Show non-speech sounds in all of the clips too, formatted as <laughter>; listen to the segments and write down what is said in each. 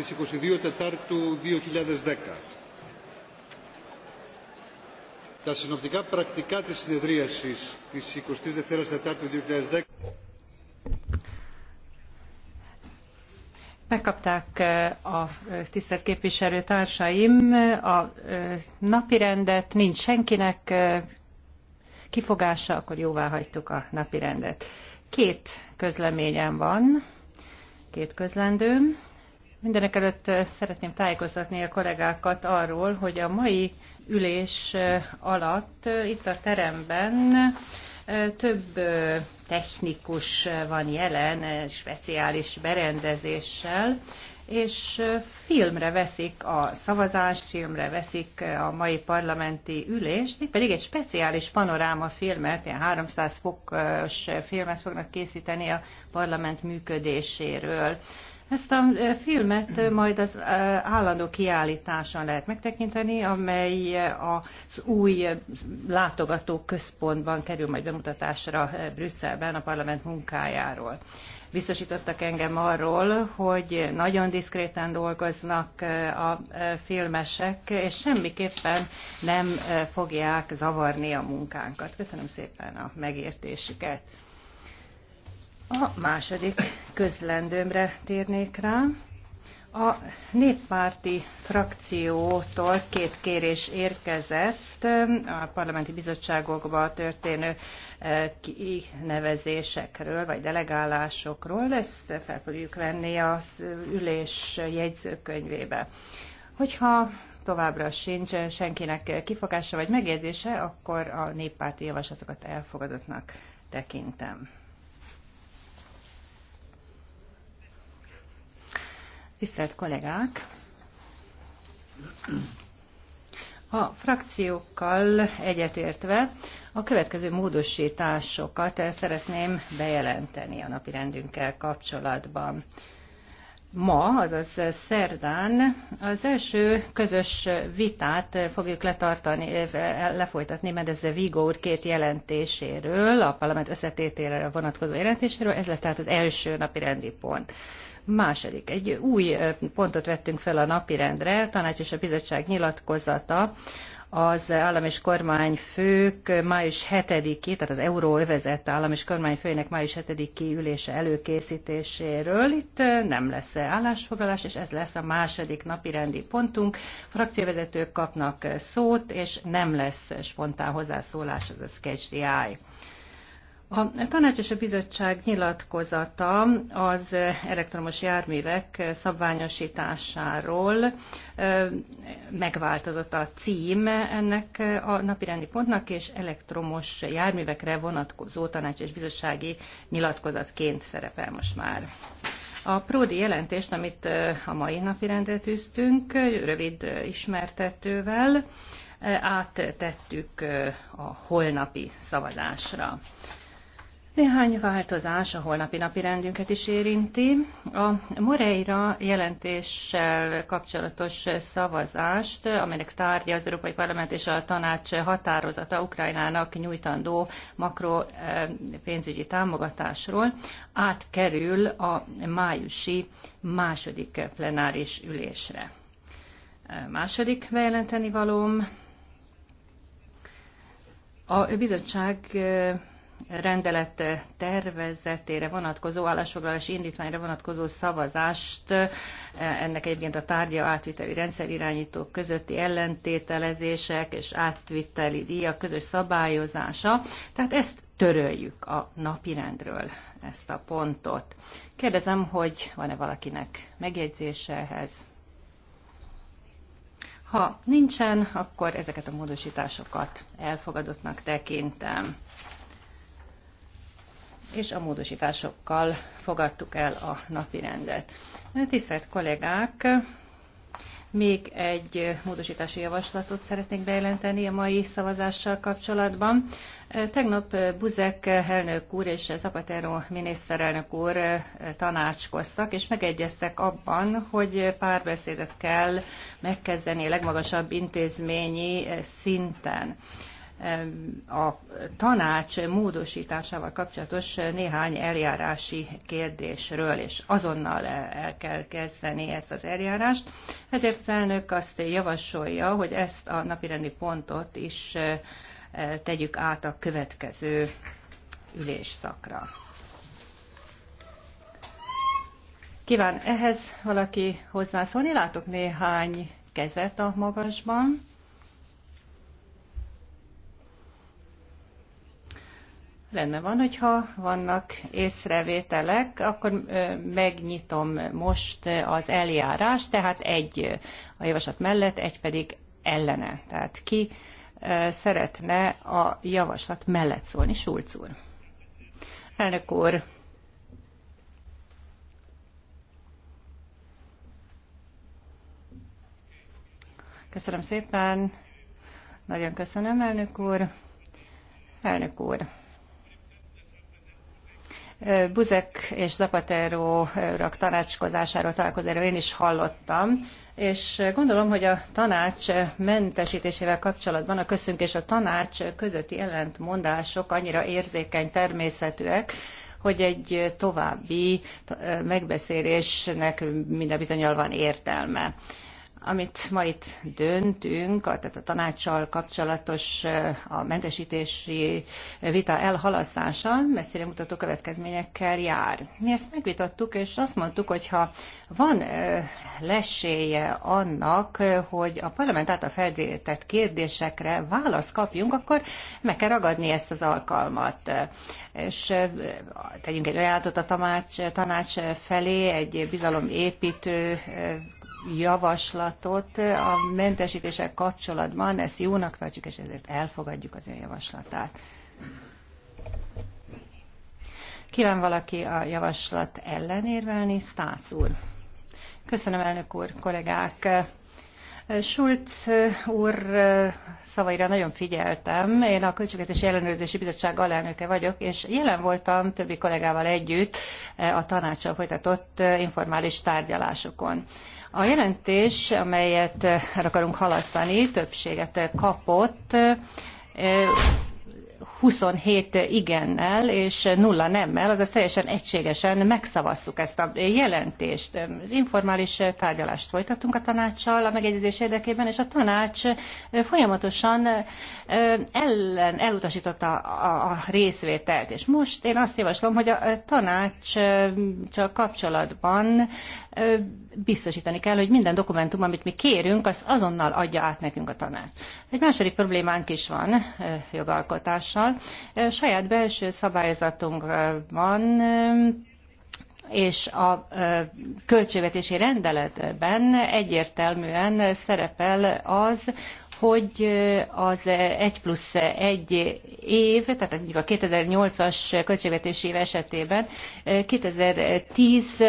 στις 22 Τετάρτου 2010. Τα συνοπτικά πρακτικά της συνεδρίασης της 22 Τετάρτου 2010 Megkapták eh, a eh, tisztelt képviselő társaim eh, a napirendet, nincs senkinek kifogása, akkor jóvá hagytuk a napirendet. Két közleményem van, két közlendőm. Mindenek előtt szeretném tájékoztatni a kollégákat arról, hogy a mai ülés alatt itt a teremben több technikus van jelen, speciális berendezéssel, és filmre veszik a szavazást, filmre veszik a mai parlamenti ülést, pedig egy speciális panoráma filmet, ilyen 300 fokos filmet fognak készíteni a parlament működéséről. Ezt a filmet majd az állandó kiállításon lehet megtekinteni, amely az új látogató központban kerül majd bemutatásra Brüsszelben a parlament munkájáról biztosítottak engem arról, hogy nagyon diszkréten dolgoznak a filmesek, és semmiképpen nem fogják zavarni a munkánkat. Köszönöm szépen a megértésüket. A második közlendőmre térnék rá. A néppárti frakciótól két kérés érkezett a parlamenti bizottságokba történő e, kinevezésekről, vagy delegálásokról. Ezt fel fogjuk venni az ülés jegyzőkönyvébe. Hogyha továbbra sincs senkinek kifogása vagy megjegyzése, akkor a néppárti javaslatokat elfogadottnak tekintem. Tisztelt kollégák! A frakciókkal egyetértve a következő módosításokat szeretném bejelenteni a rendünkkel kapcsolatban. Ma, azaz szerdán az első közös vitát fogjuk letartani, lefolytatni a Vigo úr két jelentéséről, a parlament összetételére vonatkozó jelentéséről. Ez lesz tehát az első napi rendi pont. Második, egy új pontot vettünk fel a napirendre, tanács és a bizottság nyilatkozata, az állam és kormányfők május 7-i, tehát az euróövezett állam és kormányfőinek május 7-i ülése előkészítéséről. Itt nem lesz állásfoglalás, és ez lesz a második napi rendi pontunk. Frakcióvezetők kapnak szót, és nem lesz spontán hozzászólás, az a sketch the eye. A tanács és a bizottság nyilatkozata az elektromos járművek szabványosításáról megváltozott a cím ennek a napirendi pontnak, és elektromos járművekre vonatkozó tanács és bizottsági nyilatkozatként szerepel most már. A Pródi jelentést, amit a mai napirendre tűztünk, rövid ismertetővel áttettük a holnapi szavazásra. Néhány változás a holnapi napi rendünket is érinti. A Moreira jelentéssel kapcsolatos szavazást, amelynek tárgya az Európai Parlament és a Tanács határozata Ukrajnának nyújtandó makro eh, pénzügyi támogatásról, átkerül a májusi második plenáris ülésre. Eh, második bejelenteni valóm. A bizottság eh, rendelet tervezetére vonatkozó, állásfoglalási indítványra vonatkozó szavazást, e, ennek egyébként a tárgya átviteli rendszerirányítók közötti ellentételezések és átviteli díjak közös szabályozása. Tehát ezt töröljük a napirendről, ezt a pontot. Kérdezem, hogy van-e valakinek megjegyzése ehhez? Ha nincsen, akkor ezeket a módosításokat elfogadottnak tekintem és a módosításokkal fogadtuk el a napi rendet. Tisztelt kollégák, még egy módosítási javaslatot szeretnék bejelenteni a mai szavazással kapcsolatban. Tegnap Buzek elnök úr és Zapatero miniszterelnök úr tanácskoztak, és megegyeztek abban, hogy párbeszédet kell megkezdeni a legmagasabb intézményi szinten a tanács módosításával kapcsolatos néhány eljárási kérdésről, és azonnal el kell kezdeni ezt az eljárást. Ezért az azt javasolja, hogy ezt a napirendi pontot is tegyük át a következő ülésszakra. Kíván ehhez valaki hozzászólni? Látok néhány kezet a magasban. Lenne van, hogyha vannak észrevételek, akkor megnyitom most az eljárást, tehát egy a javaslat mellett, egy pedig ellene. Tehát ki szeretne a javaslat mellett szólni? Sulc úr. Elnök úr, Köszönöm szépen. Nagyon köszönöm, elnök úr. Elnök úr, Buzek és Zapatero-rak eh, tanácskozásáról, találkozáról én is hallottam, és eh, gondolom, hogy a tanács eh, mentesítésével kapcsolatban a köztünk és a tanács közötti ellentmondások annyira érzékeny természetűek, hogy egy további megbeszélésnek minden bizonyal van értelme. Amit ma itt döntünk, tehát a tanácssal kapcsolatos a mentesítési vita elhalasztása messzire mutató következményekkel jár. Mi ezt megvitattuk, és azt mondtuk, hogy ha van lesélye annak, hogy a parlament által feltétett kérdésekre választ kapjunk, akkor meg kell ragadni ezt az alkalmat. És tegyünk egy ajánlatot a tanács, tanács felé, egy bizalomépítő javaslatot a mentesítések kapcsolatban, ezt jónak tartjuk, és ezért elfogadjuk az ön javaslatát. Kíván valaki a javaslat ellen érvelni? Stász úr. Köszönöm, elnök úr, kollégák. Schulz úr szavaira nagyon figyeltem. Én a Költségvetési Ellenőrzési Bizottság alelnöke vagyok, és jelen voltam többi kollégával együtt a tanácsal folytatott informális tárgyalásokon. A jelentés, amelyet eh, el akarunk halasztani, többséget kapott, 27 eh, igennel és nulla nemmel, azaz teljesen egységesen megszavaztuk ezt a jelentést. Informális tárgyalást folytattunk a tanácssal a megegyezés érdekében, és a tanács folyamatosan eh, ellen elutasította a, a részvételt. És most én azt javaslom, hogy a tanács csak kapcsolatban biztosítani kell, hogy minden dokumentum, amit mi kérünk, azt azonnal adja át nekünk a tanács. Egy második problémánk is van jogalkotással. Saját belső van, és a költségvetési rendeletben egyértelműen szerepel az, hogy az 1 plusz 1 év, tehát mondjuk a 2008-as költségvetési év esetében 2010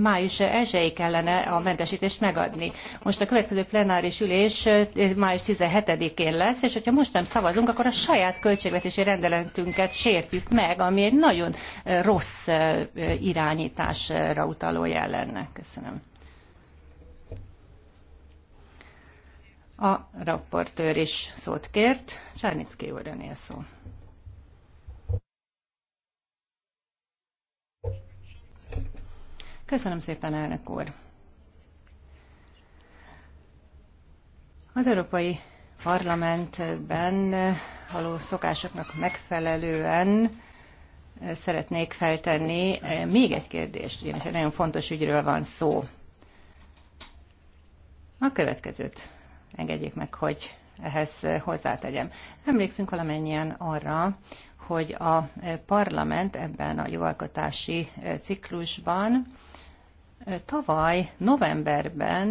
május 1 kellene a mentesítést megadni. Most a következő plenáris ülés május 17-én lesz, és hogyha most nem szavazunk, akkor a saját költségvetési rendeletünket sértjük meg, ami egy nagyon rossz irányításra utaló jel lenne. Köszönöm. A rapportőr is szót kért. Csárnicki úr önél szó. Köszönöm szépen, elnök úr. Az Európai Parlamentben haló szokásoknak megfelelően szeretnék feltenni még egy kérdést, ugyanis egy nagyon fontos ügyről van szó. A következőt engedjék meg, hogy ehhez hozzátegyem. Emlékszünk valamennyien arra, hogy a parlament ebben a jogalkotási ciklusban tavaly novemberben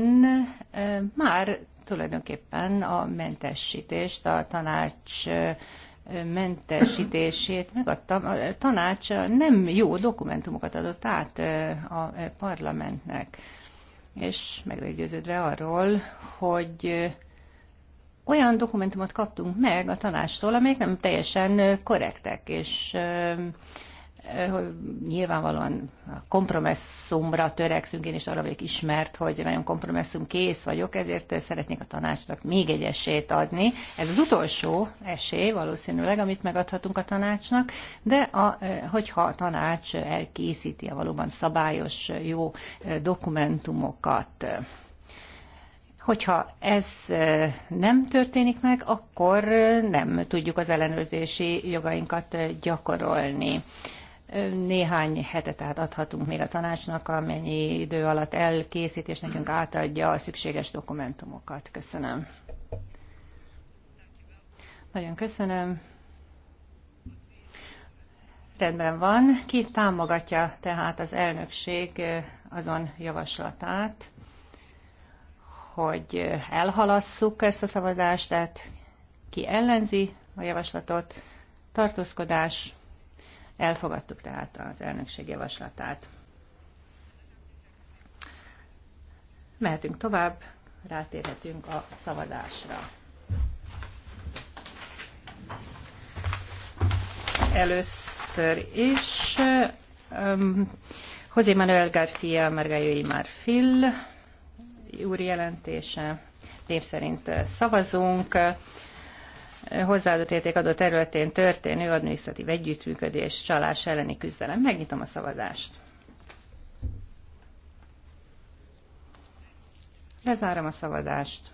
már tulajdonképpen a mentesítést, a tanács mentesítését megadtam. A tanács nem jó dokumentumokat adott át a parlamentnek és meggyőződve arról, hogy olyan dokumentumot kaptunk meg a tanástól, amelyek nem teljesen korrektek, és Eh, nyilvánvalóan a kompromisszumra törekszünk, én is arra vagyok ismert, hogy nagyon kompromisszum kész vagyok, ezért szeretnék a tanácsnak még egy esélyt adni. Ez az utolsó esély valószínűleg, amit megadhatunk a tanácsnak, de a, eh, hogyha a tanács elkészíti a valóban szabályos, jó eh, dokumentumokat, Hogyha ez nem történik meg, akkor nem tudjuk az ellenőrzési jogainkat gyakorolni. Néhány hetet át adhatunk még a tanácsnak, amennyi idő alatt elkészít és nekünk átadja a szükséges dokumentumokat. Köszönöm. Nagyon köszönöm. Rendben van. Ki támogatja tehát az elnökség azon javaslatát, hogy elhalasszuk ezt a szavazást, tehát ki ellenzi a javaslatot, tartózkodás, Elfogadtuk tehát az elnökség javaslatát. Mehetünk tovább, rátérhetünk a szavazásra. Először is um, José Manuel García Margallo y Marfil úr jelentése. Név szerint szavazunk hozzáadott adott területén történő adminisztratív együttműködés csalás elleni küzdelem. Megnyitom a szavazást. Lezárom a szavazást.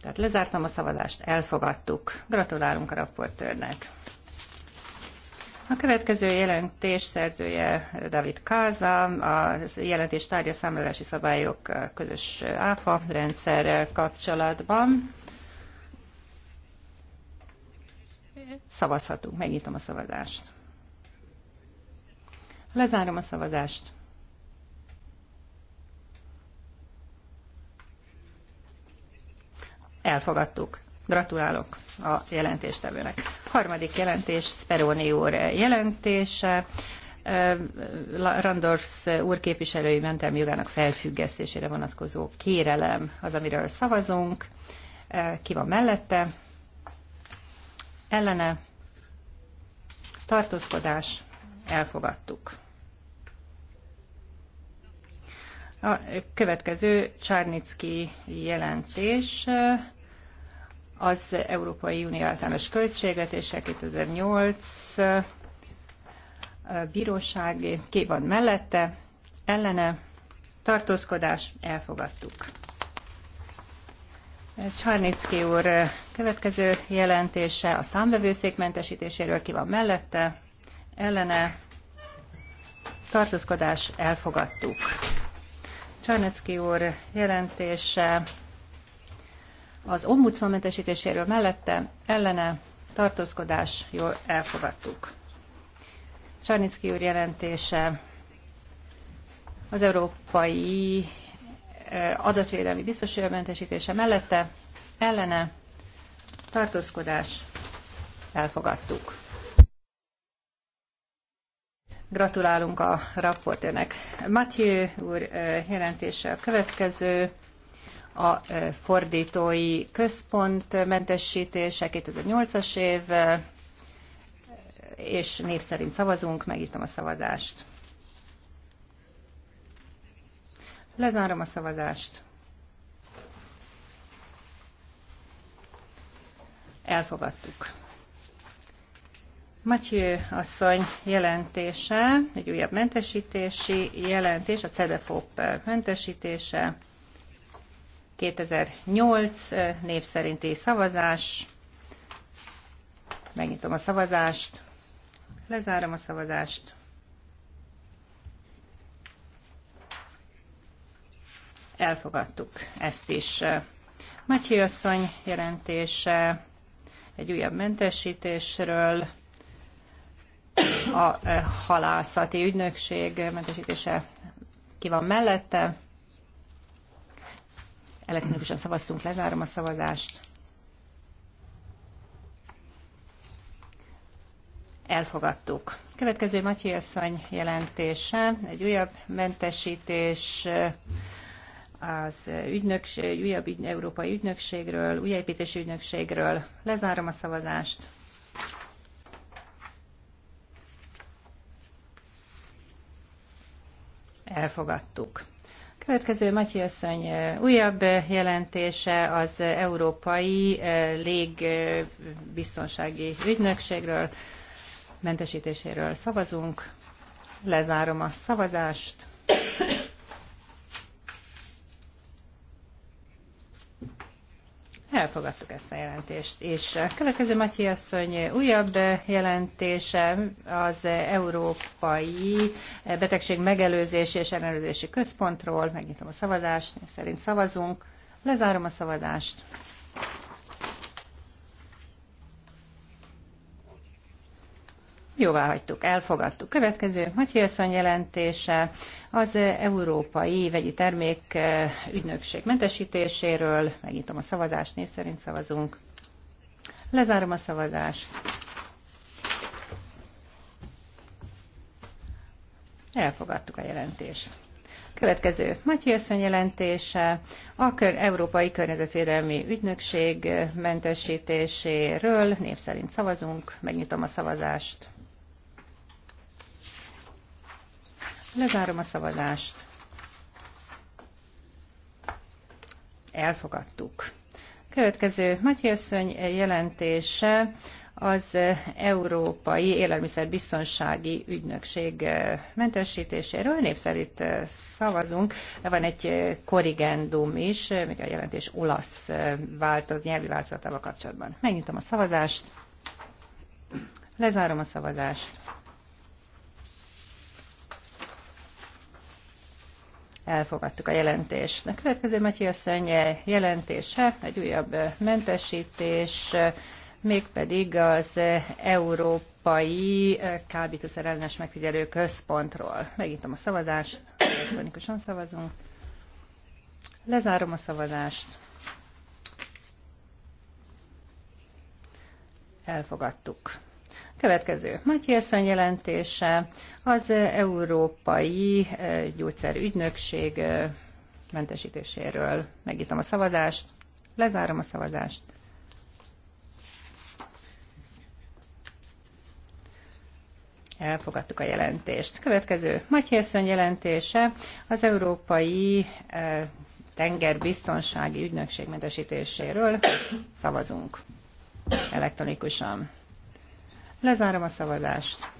Tehát lezártam a szavazást, elfogadtuk. Gratulálunk a raportőrnek. A következő jelentés szerzője David Káza, a jelentés tárgya számlálási szabályok közös áfa rendszerrel kapcsolatban. Szavazhatunk, megnyitom a szavazást. Lezárom a szavazást. Elfogadtuk. Gratulálok a jelentéstevőnek. Harmadik jelentés, Speroni úr jelentése. Randors úr képviselői mentelmi jogának felfüggesztésére vonatkozó kérelem az, amiről szavazunk. Ki van mellette? Ellene? Tartózkodás? Elfogadtuk. A következő Csárnicki jelentés az Európai Unió általános költségvetése 2008 bíróság ki van mellette, ellene tartózkodás elfogadtuk. Csarnicki úr következő jelentése a számbevőszék mentesítéséről ki van mellette, ellene tartózkodás elfogadtuk. Csarnicki úr jelentése az ombudsman mentesítéséről mellette ellene tartózkodás, jól elfogadtuk. Csarnicki úr jelentése az európai eh, adatvédelmi biztosíró mentesítése mellette ellene tartózkodás elfogadtuk. Gratulálunk a raportőnek. Mathieu úr eh, jelentése a következő a e, fordítói központ mentesítése 2008-as év, e, és név szerint szavazunk, megítom a szavazást. Lezárom a szavazást. Elfogadtuk. Matyő asszony jelentése, egy újabb mentesítési jelentés, a CEDEFOP mentesítése. 2008 név szerinti szavazás. Megnyitom a szavazást. Lezárom a szavazást. Elfogadtuk ezt is. Matyi asszony jelentése egy újabb mentesítésről, a halászati ügynökség mentesítése ki van mellette, Elektronikusan szavaztunk, lezárom a szavazást. Elfogadtuk. Következő Matyi asszony jelentése, egy újabb mentesítés az ügynökség, újabb ügy, európai ügynökségről, újjáépítési ügynökségről. Lezárom a szavazást. Elfogadtuk. Következő Matyi asszony újabb jelentése az Európai Légbiztonsági Ügynökségről mentesítéséről szavazunk. Lezárom a szavazást. Elfogadtuk ezt a jelentést. És a következő Matyi asszony újabb jelentése az Európai Betegség Megelőzési és Ellenőrzési Központról. Megnyitom a szavazást, szerint szavazunk. Lezárom a szavazást. Jóvá hagytuk, elfogadtuk. Következő Matthiasson jelentése az Európai Vegyi Termék eh, Ügynökség mentesítéséről. Megnyitom a szavazást, név szerint szavazunk. Lezárom a szavazást. Elfogadtuk a jelentést. Következő Matthiasson jelentése a Kör Európai Környezetvédelmi Ügynökség mentesítéséről. Név szerint szavazunk. Megnyitom a szavazást. Lezárom a szavazást. Elfogadtuk. Következő Matyőszöny jelentése az Európai Élelmiszerbiztonsági Ügynökség eh, mentesítéséről. Népszerint eh, szavazunk. Van egy eh, korrigendum is, még a jelentés olasz változ, nyelvi változatával kapcsolatban. Megnyitom a szavazást. Lezárom a szavazást. elfogadtuk a jelentést. A következő Matthias Szenye eh, jelentése, hát egy újabb eh, mentesítés, eh, mégpedig az Európai Kábítószer ellenes megfigyelő központról. Megintem a szavazást, elektronikusan szavazunk. Lezárom a szavazást. Elfogadtuk. Következő. Matthiasson jelentése az Európai eh, Gyógyszerügynökség eh, mentesítéséről. Megítom a szavazást, lezárom a szavazást. elfogadtuk a jelentést. Következő Matyészön jelentése az Európai eh, Tengerbiztonsági Ügynökség mentesítéséről szavazunk elektronikusan. Lezárom a szavazást.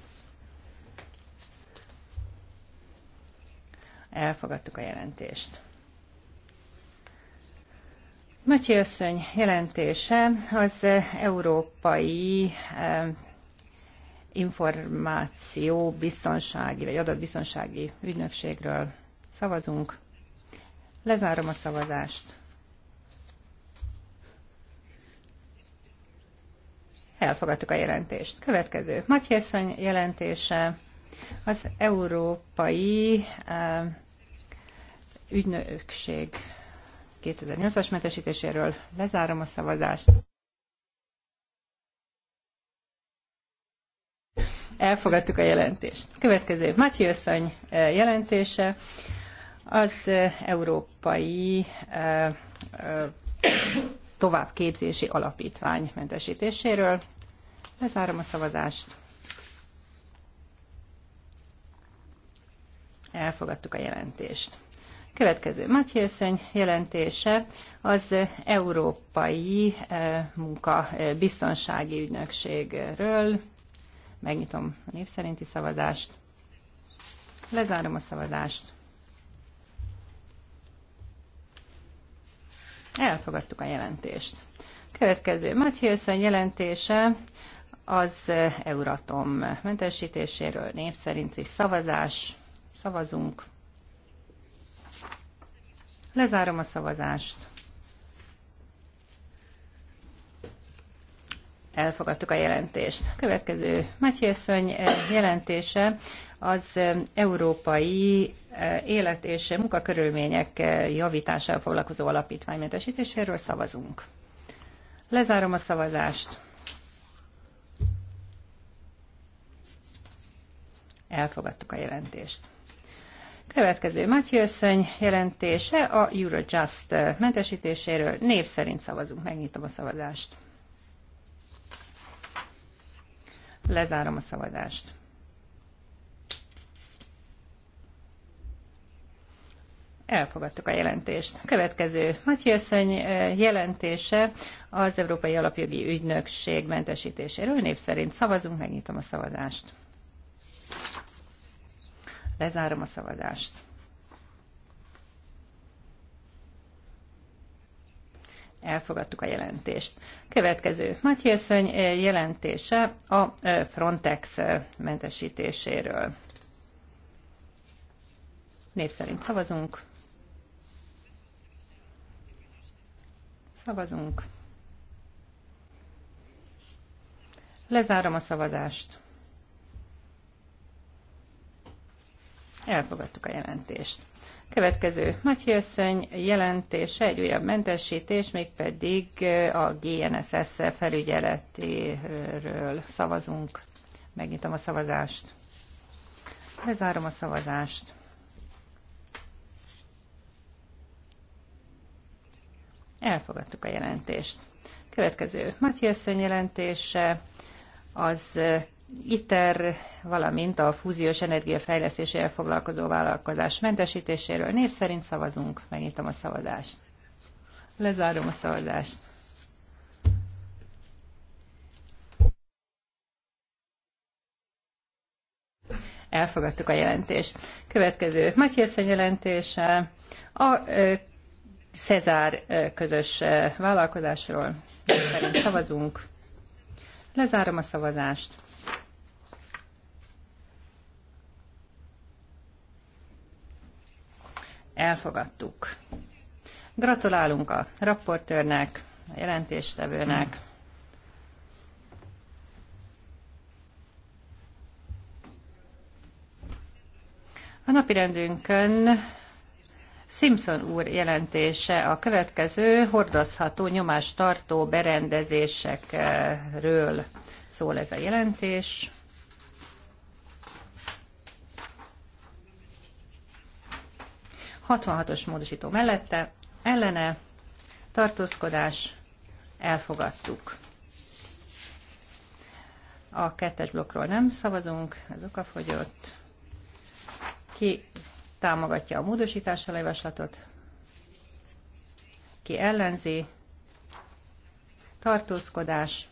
Elfogadtuk a jelentést. Matyi Összöny jelentése az európai információ biztonsági vagy adatbiztonsági ügynökségről szavazunk. Lezárom a szavazást. Elfogadtuk a jelentést. Következő. Matyesszony jelentése az Európai eh, Ügynökség 2008-as mentesítéséről. Lezárom a szavazást. Elfogadtuk a jelentést. Következő. Matyesszony eh, jelentése az eh, Európai továbbképzési alapítvány mentesítéséről. Lezárom a szavazást. Elfogadtuk a jelentést. Következő Matyélszeny jelentése az Európai eh, Munka Biztonsági Ügynökségről. Megnyitom a név szerinti szavazást. Lezárom a szavazást. Elfogadtuk a jelentést. Következő Matthewson jelentése az eh, Euratom mentesítéséről név szerinti szavazás. Szavazunk. Lezárom a szavazást. Elfogadtuk a jelentést. Következő Matthewson jelentése az európai eh, élet és munkakörülmények eh, javításával foglalkozó alapítványmentesítéséről szavazunk. Lezárom a szavazást. Elfogadtuk a jelentést. Következő Matyőszöny jelentése a Eurojust eh, mentesítéséről. Név szerint szavazunk. Megnyitom a szavazást. Lezárom a szavazást. Elfogadtuk a jelentést. Következő Matyiasszony jelentése az Európai Alapjogi Ügynökség mentesítéséről. Név szerint szavazunk, megnyitom a szavazást. Lezárom a szavazást. elfogadtuk a jelentést. Következő Matyiasszony jelentése a Frontex mentesítéséről. Név szerint szavazunk. Szavazunk. Lezárom a szavazást. Elfogadtuk a jelentést. Következő Matyőszöny jelentése, egy újabb mentesítés, mégpedig a GNSS e felügyeletéről szavazunk. Megnyitom a szavazást. Lezárom a szavazást. Elfogadtuk a jelentést. Következő Matthiasson jelentése az eh, ITER, valamint a fúziós energia foglalkozó vállalkozás mentesítéséről. Név szerint szavazunk. Megnyitom a szavazást. Lezárom a szavazást. Elfogadtuk a jelentést. Következő Matthiasen jelentése. A eh, Cezár közös vállalkozásról. Szerint szavazunk. Lezárom a szavazást. Elfogadtuk. Gratulálunk a rapportőrnek, a jelentéstevőnek. A napirendünkön Simpson úr jelentése a következő hordozható nyomástartó berendezésekről szól ez a jelentés. Hatvanhatos módosító mellette, ellene, tartózkodás, elfogadtuk. A kettes blokkról nem szavazunk, ez okafogyott. Ki támogatja a módosítással a javaslatot, ki ellenzi, tartózkodás,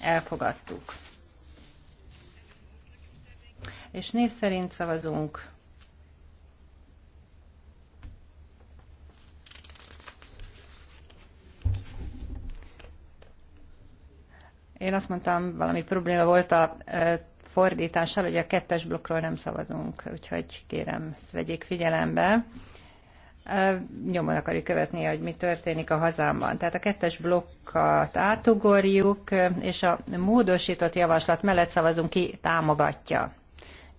elfogadtuk. És név szerint szavazunk. Én azt mondtam, valami probléma volt a fordítással, hogy a kettes blokkról nem szavazunk, úgyhogy kérem, ezt vegyék figyelembe. Nyomon akarjuk követni, hogy mi történik a hazámban. Tehát a kettes blokkat átugorjuk, és a módosított javaslat mellett szavazunk ki, támogatja.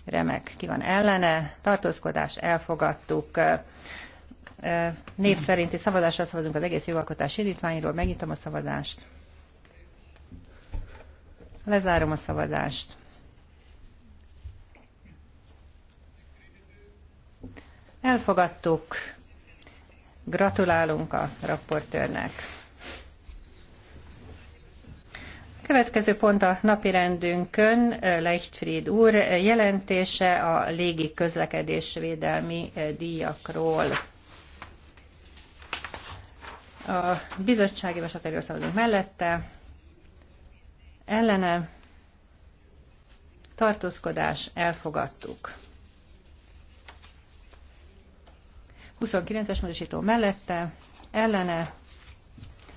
Remek, ki van ellene, tartózkodás, elfogadtuk. Név szerinti szavazásra szavazunk az egész jogalkotás indítványról, megnyitom a szavazást. Lezárom a szavazást. Elfogadtuk. Gratulálunk a raportőrnek. Következő pont a napirendünkön Leichtfried úr jelentése a légi közlekedés védelmi díjakról. A bizottsági vasatérő szabadunk mellette ellene tartózkodás elfogadtuk. 29-es módosító mellette, ellene,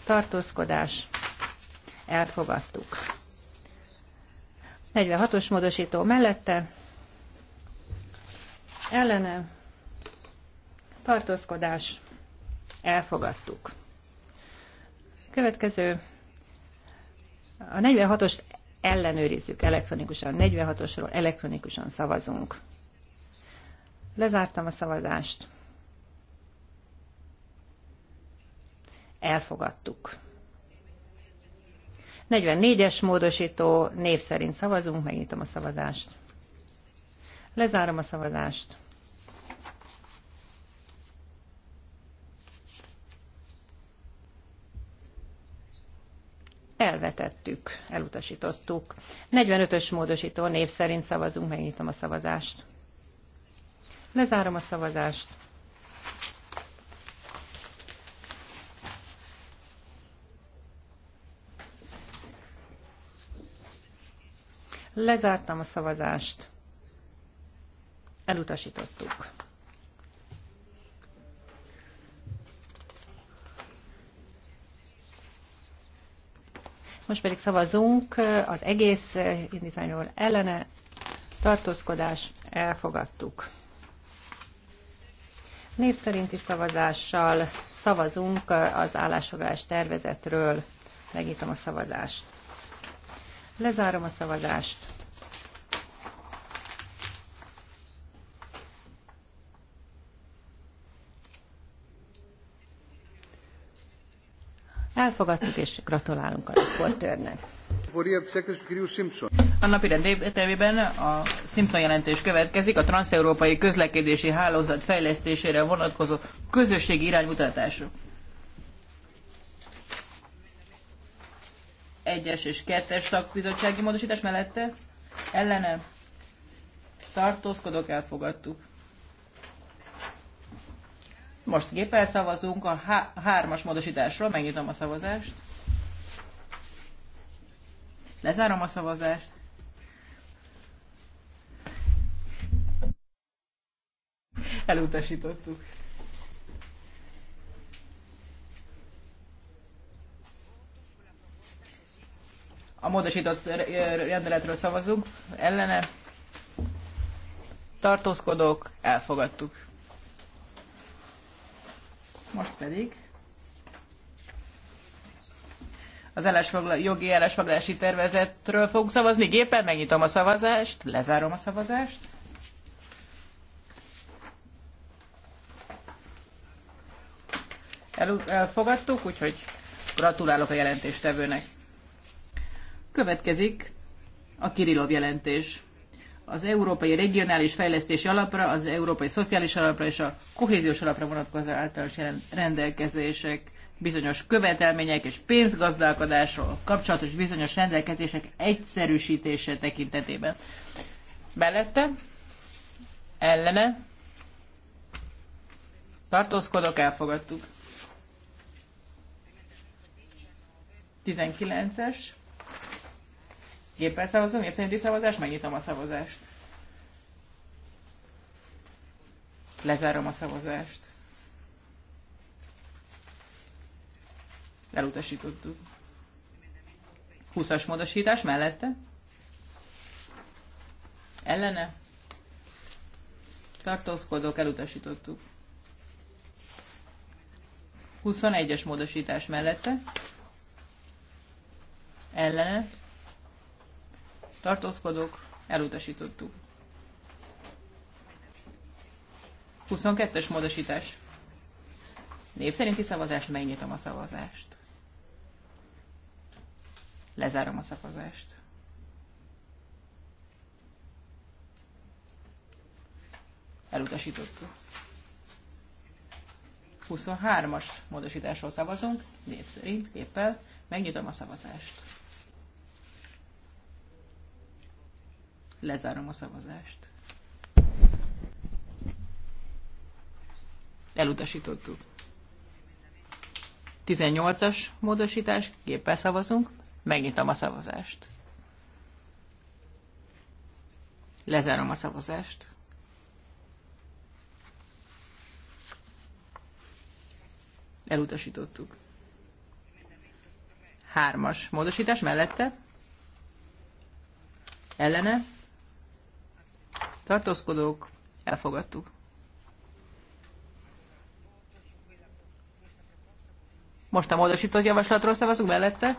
tartózkodás, elfogadtuk. 46-os módosító mellette, ellene, tartózkodás, elfogadtuk. Következő, a 46-ost ellenőrizzük elektronikusan, 46-osról elektronikusan szavazunk. Lezártam a szavazást. elfogadtuk. 44-es módosító név szerint szavazunk, megnyitom a szavazást. Lezárom a szavazást. Elvetettük, elutasítottuk. 45-ös módosító név szerint szavazunk, megnyitom a szavazást. Lezárom a szavazást. Lezártam a szavazást. Elutasítottuk. Most pedig szavazunk az egész indítványról ellene. Tartózkodás elfogadtuk. Név szerinti szavazással szavazunk az állásfoglalás tervezetről. Megnyitom a szavazást. Lezárom a szavazást. Elfogadtuk, és gratulálunk a reportőrnek. A napi rendében a Simpson jelentés következik a transeurópai közlekedési hálózat fejlesztésére vonatkozó közösségi iránymutatások. 1-es és 2-es szakbizottsági módosítás mellette ellene tartózkodok, elfogadtuk. Most gépel szavazunk a há hármas módosításról, megnyitom a szavazást. Lezárom a szavazást. Elutasítottuk. a módosított rendeletről szavazunk, ellene tartózkodók, elfogadtuk. Most pedig az elesfogla, jogi elesfoglalási tervezetről fogunk szavazni gépen, megnyitom a szavazást, lezárom a szavazást. El, elfogadtuk, úgyhogy gratulálok a jelentéstevőnek. Következik a Kirillov jelentés. Az Európai Regionális Fejlesztési Alapra, az Európai Szociális Alapra és a Kohéziós Alapra vonatkozó általános rendelkezések bizonyos követelmények és pénzgazdálkodásról kapcsolatos bizonyos rendelkezések egyszerűsítése tekintetében. Mellette? Ellene? Tartózkodok, elfogadtuk. 19-es Géppel szavazunk, név szerinti szavazás, megnyitom a szavazást. Lezárom a szavazást. Elutasítottuk. 20-as módosítás mellette. Ellene. Tartózkodók elutasítottuk. 21-es módosítás mellette. Ellene tartózkodók, elutasítottuk. 22-es módosítás. Név szerinti szavazást, megnyitom a szavazást. Lezárom a szavazást. Elutasítottuk. 23-as módosításról szavazunk, név szerint, képpel, Megnyitom a szavazást. Lezárom a szavazást. Elutasítottuk. 18-as módosítás, géppel szavazunk, megnyitom a szavazást. Lezárom a szavazást. Elutasítottuk. Hármas módosítás mellette. Ellene tartózkodók, elfogadtuk. Most a módosított javaslatról szavazunk mellette.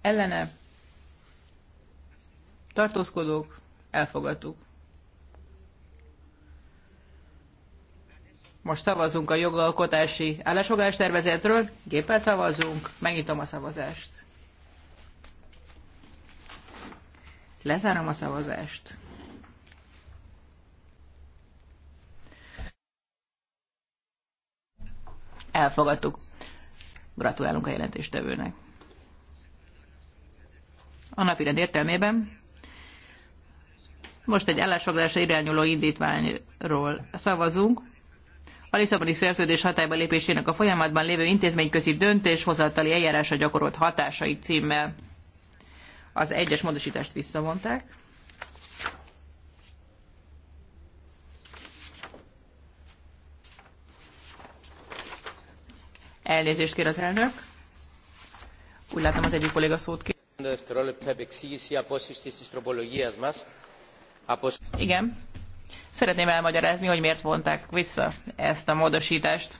Ellene tartózkodók, elfogadtuk. Most szavazunk a jogalkotási állásfogás tervezetről. Géppel szavazunk. Megnyitom a szavazást. Lezárom a szavazást. elfogadtuk. Gratulálunk a jelentéstevőnek. A napirend értelmében most egy állásfoglalásra irányuló indítványról szavazunk. A Lisszaboni szerződés hatályba lépésének a folyamatban lévő intézményközi döntéshozatali eljárása gyakorolt hatásai címmel az egyes módosítást visszavonták. Elnézést kér az elnök. Úgy látom az egyik kolléga szót kér. Igen. Szeretném elmagyarázni, hogy miért vonták vissza ezt a módosítást.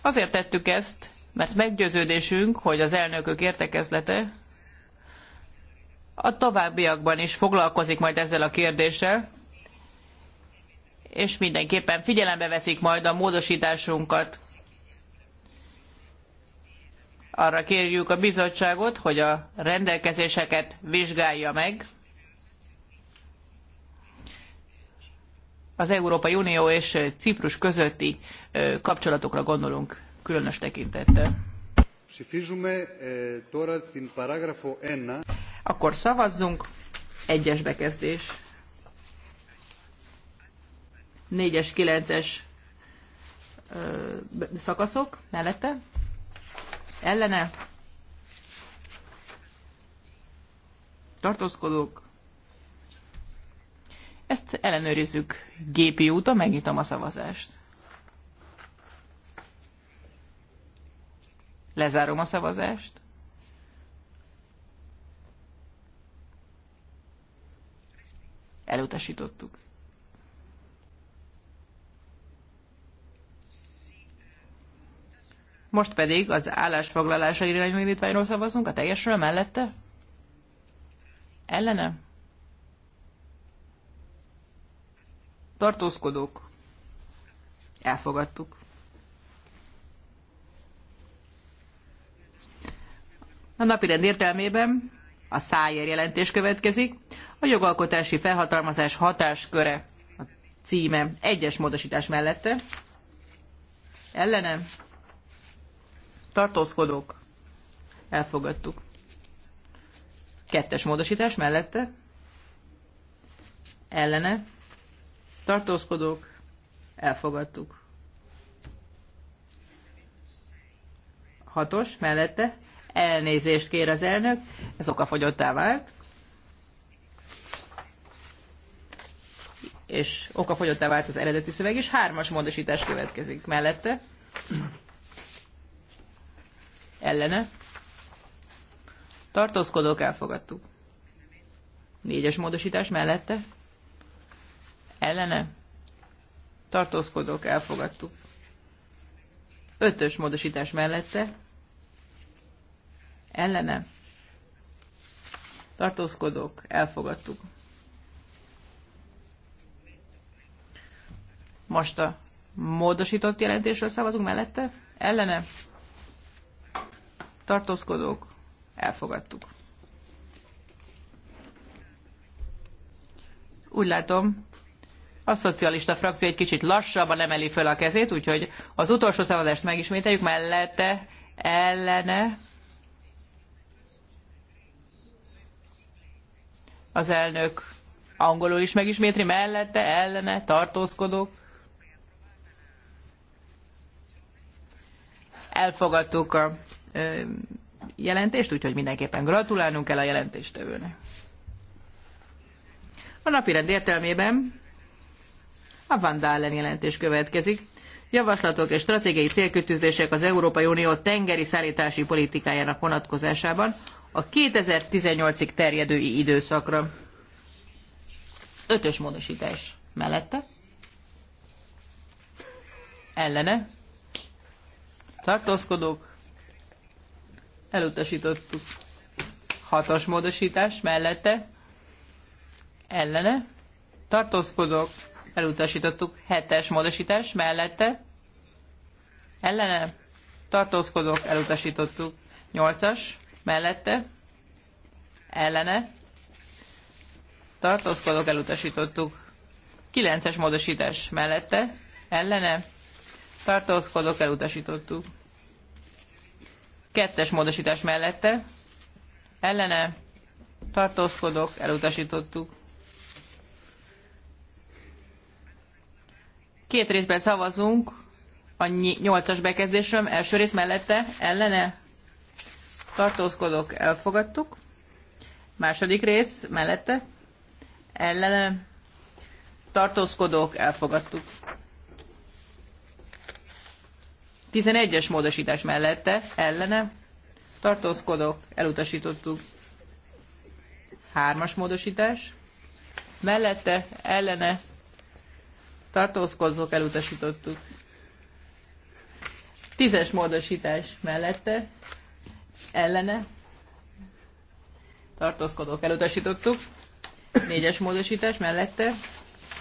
Azért tettük ezt, mert meggyőződésünk, hogy az elnökök értekezlete a továbbiakban is foglalkozik majd ezzel a kérdéssel, és mindenképpen figyelembe veszik majd a módosításunkat. Arra kérjük a bizottságot, hogy a rendelkezéseket vizsgálja meg. Az Európai Unió és Ciprus közötti kapcsolatokra gondolunk különös tekintettel. Akkor szavazzunk. Egyes bekezdés. Négyes, kilences szakaszok mellette ellene tartózkodók. Ezt ellenőrizzük gépi úton, megnyitom a szavazást. Lezárom a szavazást. Elutasítottuk. Most pedig az állásfoglalása irányindítványról szavazunk, a teljesről mellette? Ellene? Tartózkodók. Elfogadtuk. A rend értelmében a szájér jelentés következik, a jogalkotási felhatalmazás hatásköre a címe egyes módosítás mellette. Ellenem tartózkodók, elfogadtuk. Kettes módosítás mellette, ellene, tartózkodók, elfogadtuk. Hatos mellette, elnézést kér az elnök, ez okafogyottá vált. És okafogyottá vált az eredeti szöveg, és hármas módosítás következik mellette ellene. Tartózkodók elfogadtuk. Négyes módosítás mellette. Ellene. Tartózkodók elfogadtuk. Ötös módosítás mellette. Ellene. Tartózkodók elfogadtuk. Most a módosított jelentésről szavazunk mellette. Ellene tartózkodók, elfogadtuk. Úgy látom, a szocialista frakció egy kicsit lassabban emeli föl a kezét, úgyhogy az utolsó szavazást megismételjük mellette, ellene. Az elnök angolul is megismétli, mellette, ellene, tartózkodók. Elfogadtuk a jelentést, úgyhogy mindenképpen gratulálnunk kell a jelentéstevőnek. A rend értelmében a Van Dalen jelentés következik. Javaslatok és stratégiai célkütőzések az Európai Unió tengeri szállítási politikájának vonatkozásában a 2018-ig terjedő időszakra. Ötös módosítás mellette. Ellene. Tartózkodók elutasítottuk. Hatos módosítás mellette, ellene, tartózkodok, elutasítottuk. Hetes módosítás mellette, ellene, tartózkodok, elutasítottuk. Nyolcas, mellette, ellene, tartózkodok, elutasítottuk. Kilences módosítás mellette, ellene, tartózkodok, elutasítottuk. Kettes módosítás mellette. Ellene tartózkodok, elutasítottuk. Két részben szavazunk a nyolcas bekezdésről. Első rész mellette ellene tartózkodok, elfogadtuk. Második rész mellette ellene tartózkodok, elfogadtuk. 11-es módosítás mellette, ellene, tartózkodok, elutasítottuk. 3-as módosítás, mellette, ellene, tartózkodok, elutasítottuk. Tízes módosítás mellette, ellene, tartózkodók elutasítottuk. Négyes módosítás mellette,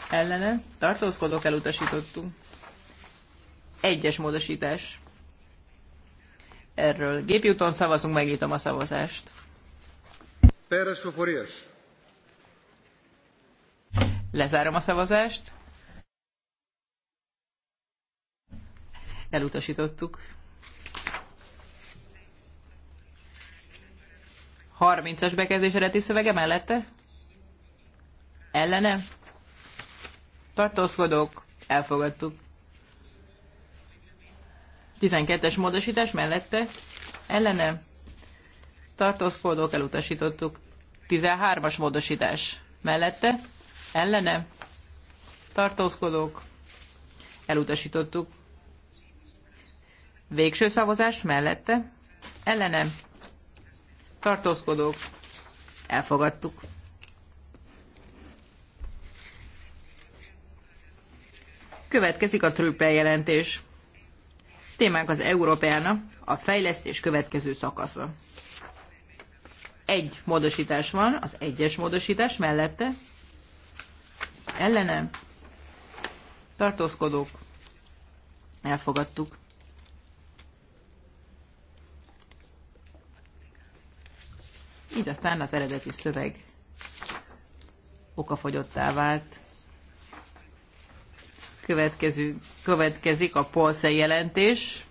ellene, tartózkodók elutasítottuk. Egyes módosítás. Erről gépi szavazunk, megnyitom a szavazást. Lezárom a szavazást. Elutasítottuk. 30-as bekezdés eredeti szövege mellette? Ellene? Tartózkodók, elfogadtuk. 12-es módosítás mellette ellene tartózkodók elutasítottuk. 13-as módosítás mellette ellene tartózkodók elutasítottuk. Végső szavazás mellette ellene tartózkodók elfogadtuk. Következik a trüppel jelentés témánk az Európának a fejlesztés következő szakasza. Egy módosítás van, az egyes módosítás mellette. Ellene tartózkodók. Elfogadtuk. Így aztán az eredeti szöveg okafogyottá vált. Következő, következik a Polsze jelentés.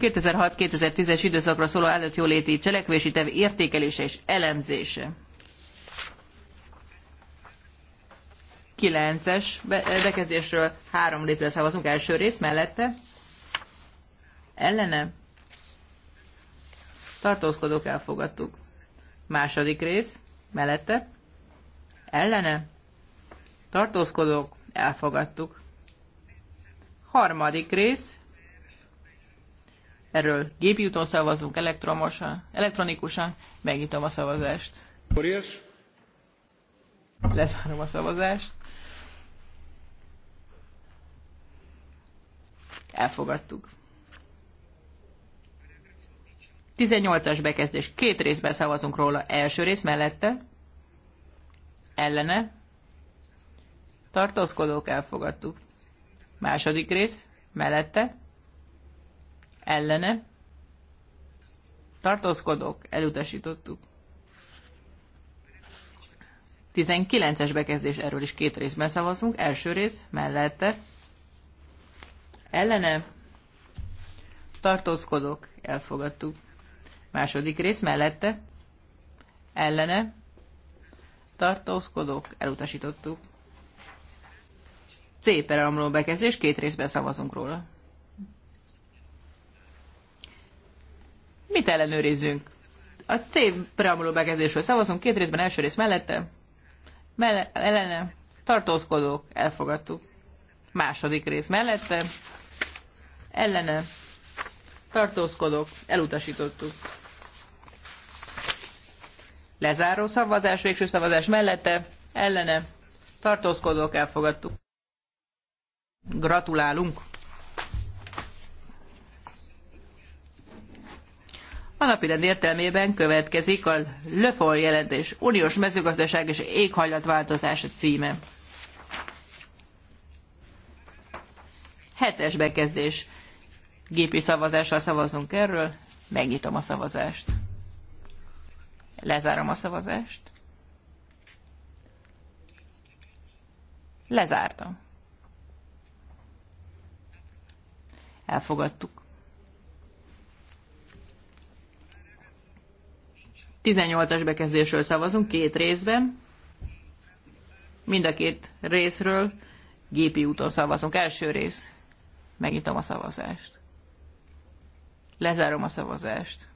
2006-2010-es időszakra szóló állatjóléti cselekvési tev értékelése és elemzése. 9-es bekezdésről három részben szavazunk. Első rész mellette. Ellene. Tartózkodók elfogadtuk. Második rész mellette. Ellene. Tartózkodók elfogadtuk. Harmadik rész, erről gépi szavazunk elektromosan, elektronikusan, megnyitom a szavazást. Óriás. Lezárom a szavazást. Elfogadtuk. 18-as bekezdés. Két részben szavazunk róla. Első rész mellette. Ellene tartózkodók elfogadtuk. Második rész, mellette, ellene, tartózkodók elutasítottuk. 19-es bekezdés, erről is két részben szavazunk. Első rész, mellette, ellene, tartózkodók elfogadtuk. Második rész, mellette, ellene, tartózkodók elutasítottuk. Szép perelomló bekezdés, két részben szavazunk róla. Mit ellenőrizzünk? A C preambuló bekezdésről szavazunk, két részben, első rész mellette, mell- ellene, tartózkodók, elfogadtuk. Második rész mellette, ellene, tartózkodók, elutasítottuk. Lezáró szavazás, végső szavazás mellette, ellene, tartózkodók, elfogadtuk. Gratulálunk! A rend értelmében következik a Löfol jelentés Uniós mezőgazdaság és éghajlatváltozás címe. Hetes bekezdés. Gépi szavazással szavazunk erről. Megnyitom a szavazást. Lezárom a szavazást. Lezártam. Elfogadtuk. 18-as bekezdésről szavazunk két részben. Mind a két részről gépi úton szavazunk. Első rész. Megnyitom a szavazást. Lezárom a szavazást.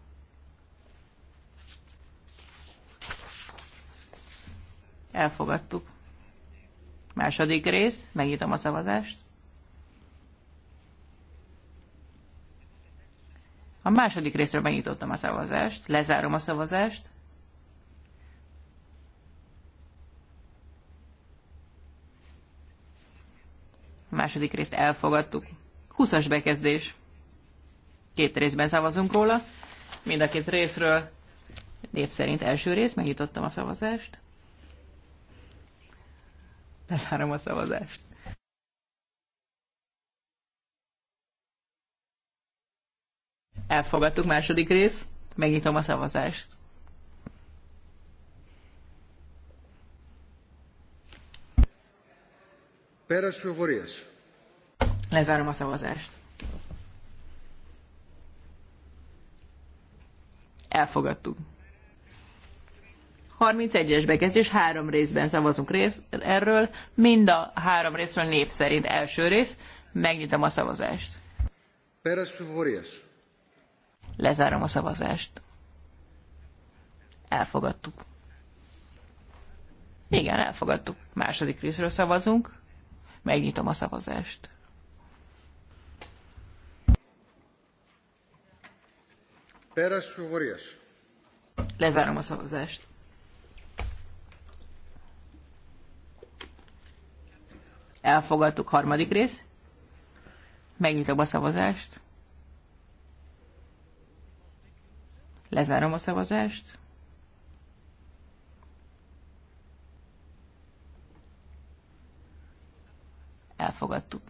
Elfogadtuk. Második rész. Megnyitom a szavazást. A második részről megnyitottam a szavazást, lezárom a szavazást. A második részt elfogadtuk. 20-as bekezdés. Két részben szavazunk róla. Mind a két részről név szerint első rész, megnyitottam a szavazást. Lezárom a szavazást. Elfogadtuk második rész. Megnyitom a szavazást. Peres Fogorias. Lezárom a szavazást. Elfogadtuk. 31-es bekezdés, három részben szavazunk rész, erről, mind a három részről név szerint első rész, megnyitom a szavazást. Peres Fogorias. Lezárom a szavazást. Elfogadtuk. Igen, elfogadtuk. Második részről szavazunk. Megnyitom a szavazást. Peres Fugorias. Lezárom a szavazást. Elfogadtuk harmadik rész. Megnyitom a szavazást. Lezárom a szavazást. Elfogadtuk.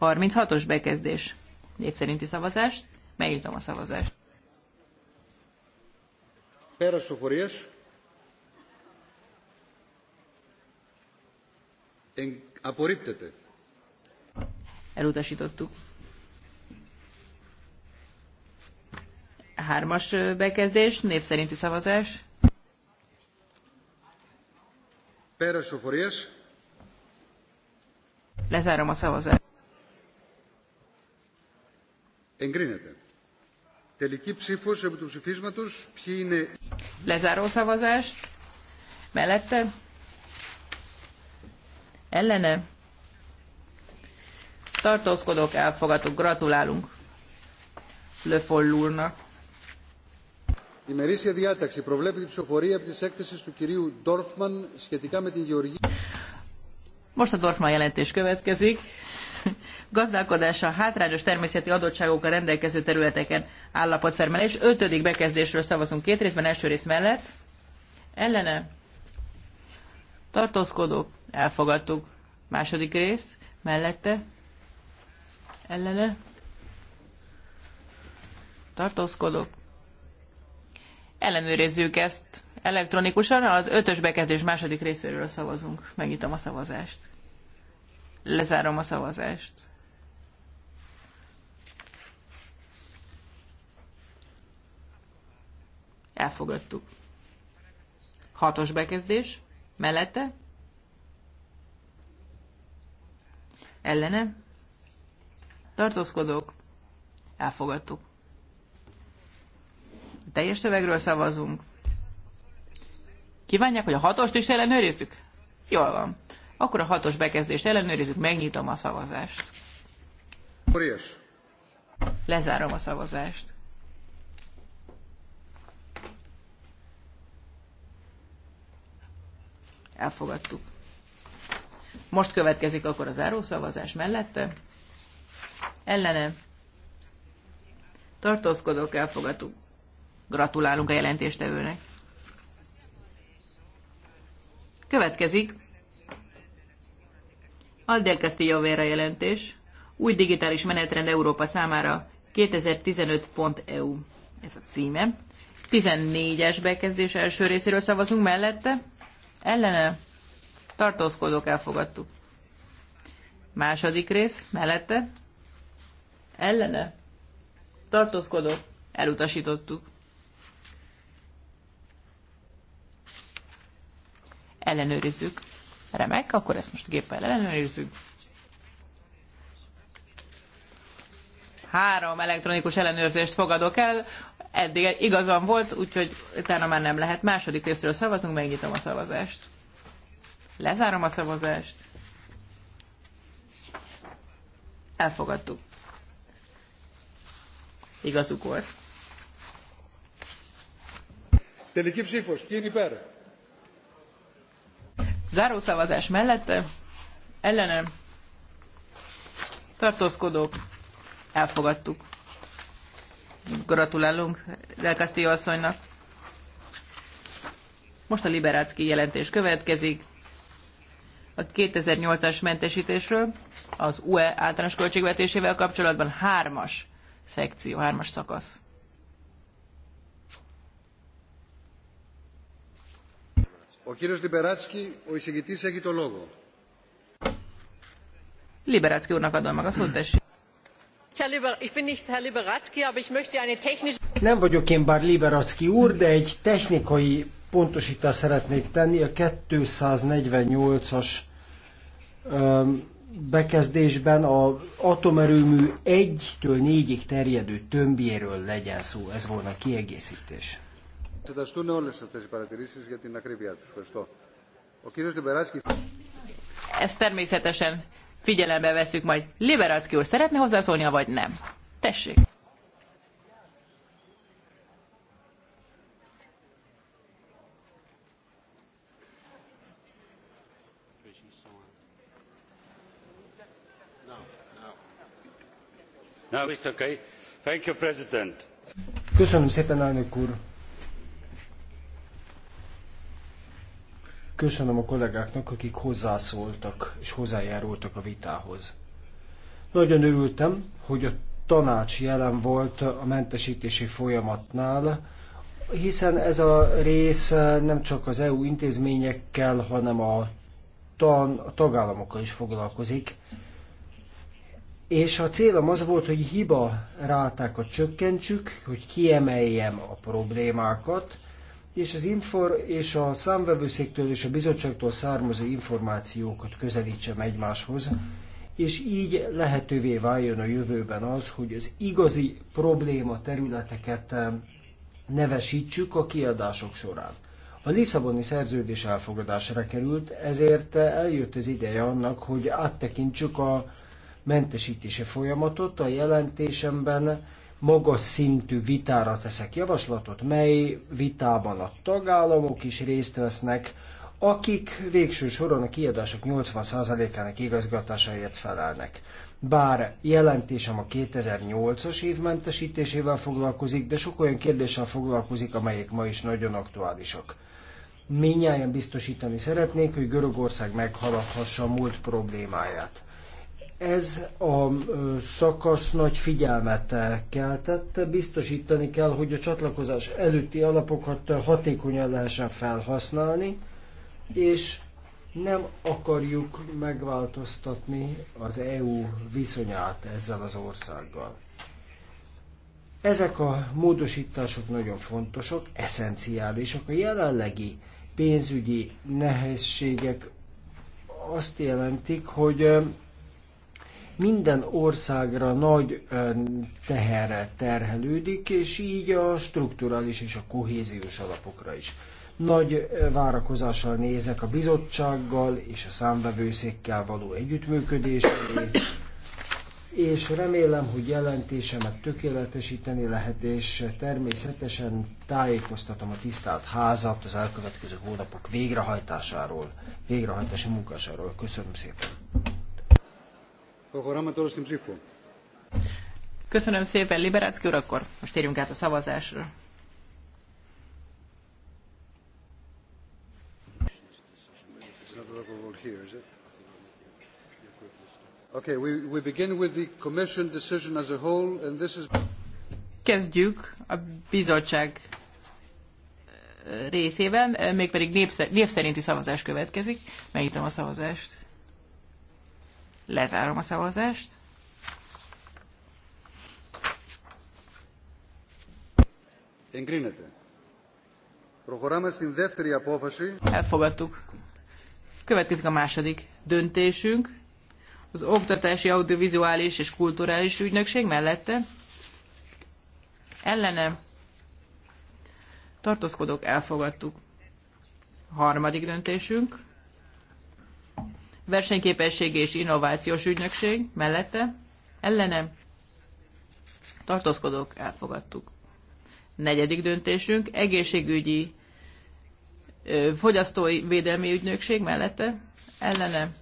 36-os bekezdés. Név szerinti szavazást. Megnyitom a szavazást. Πέρας οφορίας. Απορρίπτεται. Elutasítottuk. Hármas bekezdés, népszerinti szavazás. Peres Soforias. Lezárom a szavazást. Εγκρίνεται. Τελική ψήφος επί του ψηφίσματος. Ποιοι είναι... Λεζαρό szavazást. Mellette. Ellene. Tartózkodok, elfogadok, gratulálunk. Löfoll Η διάταξη προβλέπει την ψηφοφορία της έκθεσης του κυρίου Ντόρφμαν σχετικά με την γεωργία. Most a Dorfman jelentés következik. <laughs> Gazdálkodása hátrányos természeti adottságokkal rendelkező területeken állapotfermelés. Ötödik bekezdésről szavazunk két részben, első rész mellett. Ellene tartózkodók, elfogadtuk. Második rész, mellette, ellene tartózkodók, Ellenőrizzük ezt elektronikusan, az ötös bekezdés második részéről szavazunk. Megnyitom a szavazást. Lezárom a szavazást. Elfogadtuk. Hatos bekezdés. Mellette. Ellene. Tartózkodók. Elfogadtuk teljes szövegről szavazunk. Kívánják, hogy a hatost is ellenőrizzük? Jól van. Akkor a hatos bekezdést ellenőrizzük, megnyitom a szavazást. Óriás. Lezárom a szavazást. Elfogadtuk. Most következik akkor a zárószavazás mellette. Ellene. Tartózkodók elfogadtuk. Gratulálunk a jelentéstevőnek. Következik Aldel Castillo Vera jelentés, új digitális menetrend Európa számára 2015.eu. E Ez a címe. 14-es bekezdés első részéről szavazunk mellette. Ellene tartózkodók elfogadtuk. Második rész mellette. Ellene tartózkodók elutasítottuk. ellenőrizzük. Remek, akkor ezt most géppel ellenőrizzük. Három elektronikus ellenőrzést fogadok el, eddig igazam volt, úgyhogy utána már nem lehet. Második részről szavazunk, megnyitom a szavazást. Lezárom a szavazást. Elfogadtuk. Igazuk volt. Τελική ψήφος. Ποιοι Zárószavazás mellette ellene tartózkodók elfogadtuk. Gratulálunk Delkaszti asszonynak. Most a Liberácki jelentés következik. A 2008-as mentesítésről az UE általános költségvetésével kapcsolatban hármas szekció, hármas szakasz. Ο úrnak adom meg a szót, Nem vagyok én bár liberadzki úr, de egy technikai pontosítást szeretnék tenni a 248-as bekezdésben a atomerőmű 1-től 4-ig terjedő tömbjéről legyen szó. Ez volna a kiegészítés. Εξεταστούν όλες αυτές οι παρατηρήσεις για την ακρίβειά τους. Ευχαριστώ. Ο κύριος Λιμπεράσκη... Ezt természetesen figyelembe veszük majd. Liberácki úr, szeretne hozzászólni, vagy nem? Tessék! Köszönöm szépen, elnök úr! köszönöm a kollégáknak, akik hozzászóltak és hozzájárultak a vitához. Nagyon örültem, hogy a tanács jelen volt a mentesítési folyamatnál, hiszen ez a rész nem csak az EU intézményekkel, hanem a, tan, a tagállamokkal is foglalkozik. És a célom az volt, hogy hiba rátákat csökkentsük, hogy kiemeljem a problémákat, és az infor és a számvevőszéktől és a bizottságtól származó információkat közelítsem egymáshoz, és így lehetővé váljon a jövőben az, hogy az igazi probléma területeket eh, nevesítsük a kiadások során. A Lisszaboni szerződés elfogadásra került, ezért eh, eljött az ideje annak, hogy áttekintsük a mentesítési folyamatot. A jelentésemben magas szintű vitára teszek javaslatot, mely vitában a tagállamok is részt vesznek, akik végső soron a kiadások 80%-ának igazgatásáért felelnek. Bár jelentésem a 2008-as év mentesítésével foglalkozik, de sok olyan kérdéssel foglalkozik, amelyek ma is nagyon aktuálisak. Minnyáján biztosítani szeretnék, hogy Görögország meghaladhassa a múlt problémáját. Ez a szakasz nagy figyelmet keltett. Biztosítani kell, hogy a csatlakozás előtti alapokat hatékonyan lehessen felhasználni, és nem akarjuk megváltoztatni az EU viszonyát ezzel az országgal. Ezek a módosítások nagyon fontosak, eszenciálisak. A jelenlegi pénzügyi nehézségek azt jelentik, hogy minden országra nagy teherre terhelődik, és így a strukturális és a kohéziós alapokra is. Nagy várakozással nézek a bizottsággal és a számbevőszékkel való együttműködésre, és remélem, hogy jelentésemet tökéletesíteni lehet, és természetesen tájékoztatom a tisztelt házat az elkövetkező hónapok végrehajtásáról, végrehajtási munkásáról. Köszönöm szépen! Köszönöm szépen, Liberácki úr, akkor most térjünk át a szavazásra. Kezdjük a bizottság eh, részében, eh, mégpedig név szerinti szavazás következik. Megnyitom a szavazást. Lezárom a szavazást. Elfogadtuk. Következik a második döntésünk. Az Oktatási Audiovizuális és Kulturális Ügynökség mellette. Ellene. Tartózkodók elfogadtuk. Harmadik döntésünk versenyképesség és innovációs ügynökség mellette, ellenem tartózkodók elfogadtuk. Negyedik döntésünk egészségügyi fogyasztói védelmi ügynökség mellette, ellenem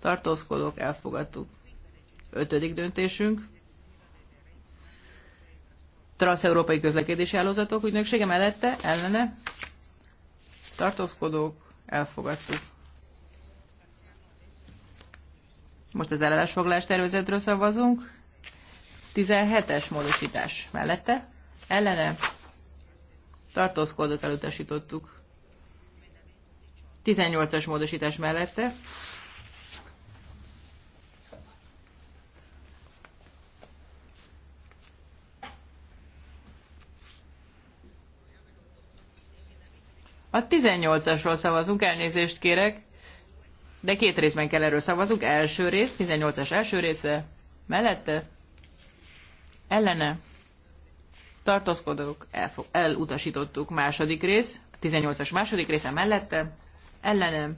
tartózkodók elfogadtuk. Ötödik döntésünk transeurópai közlekedési Állózatok ügynöksége mellette, ellene tartózkodók elfogadtuk. Most az ellenesfoglalás tervezetről szavazunk. 17-es módosítás mellette. Ellene tartózkodott elutasítottuk. 18-as módosítás mellette. A 18-asról szavazunk, elnézést kérek de két részben kell erről szavazunk. Első rész, 18-as első része, mellette, ellene, tartózkodók, elutasítottuk. Második rész, 18-as második része mellette, ellene,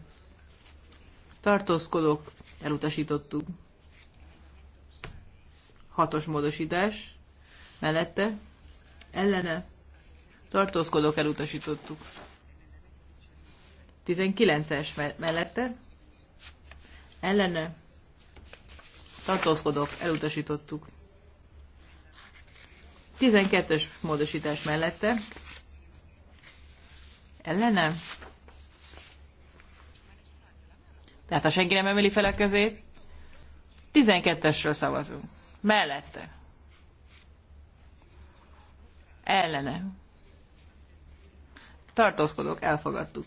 tartózkodók, elutasítottuk. Hatos módosítás, mellette, ellene, tartózkodók, elutasítottuk. 19-es mellette, ellene tartózkodok, elutasítottuk. 12-es módosítás mellette ellene tehát ha senki nem emeli fel a kezét 12-esről szavazunk. Mellette. Ellene. Tartózkodok, elfogadtuk.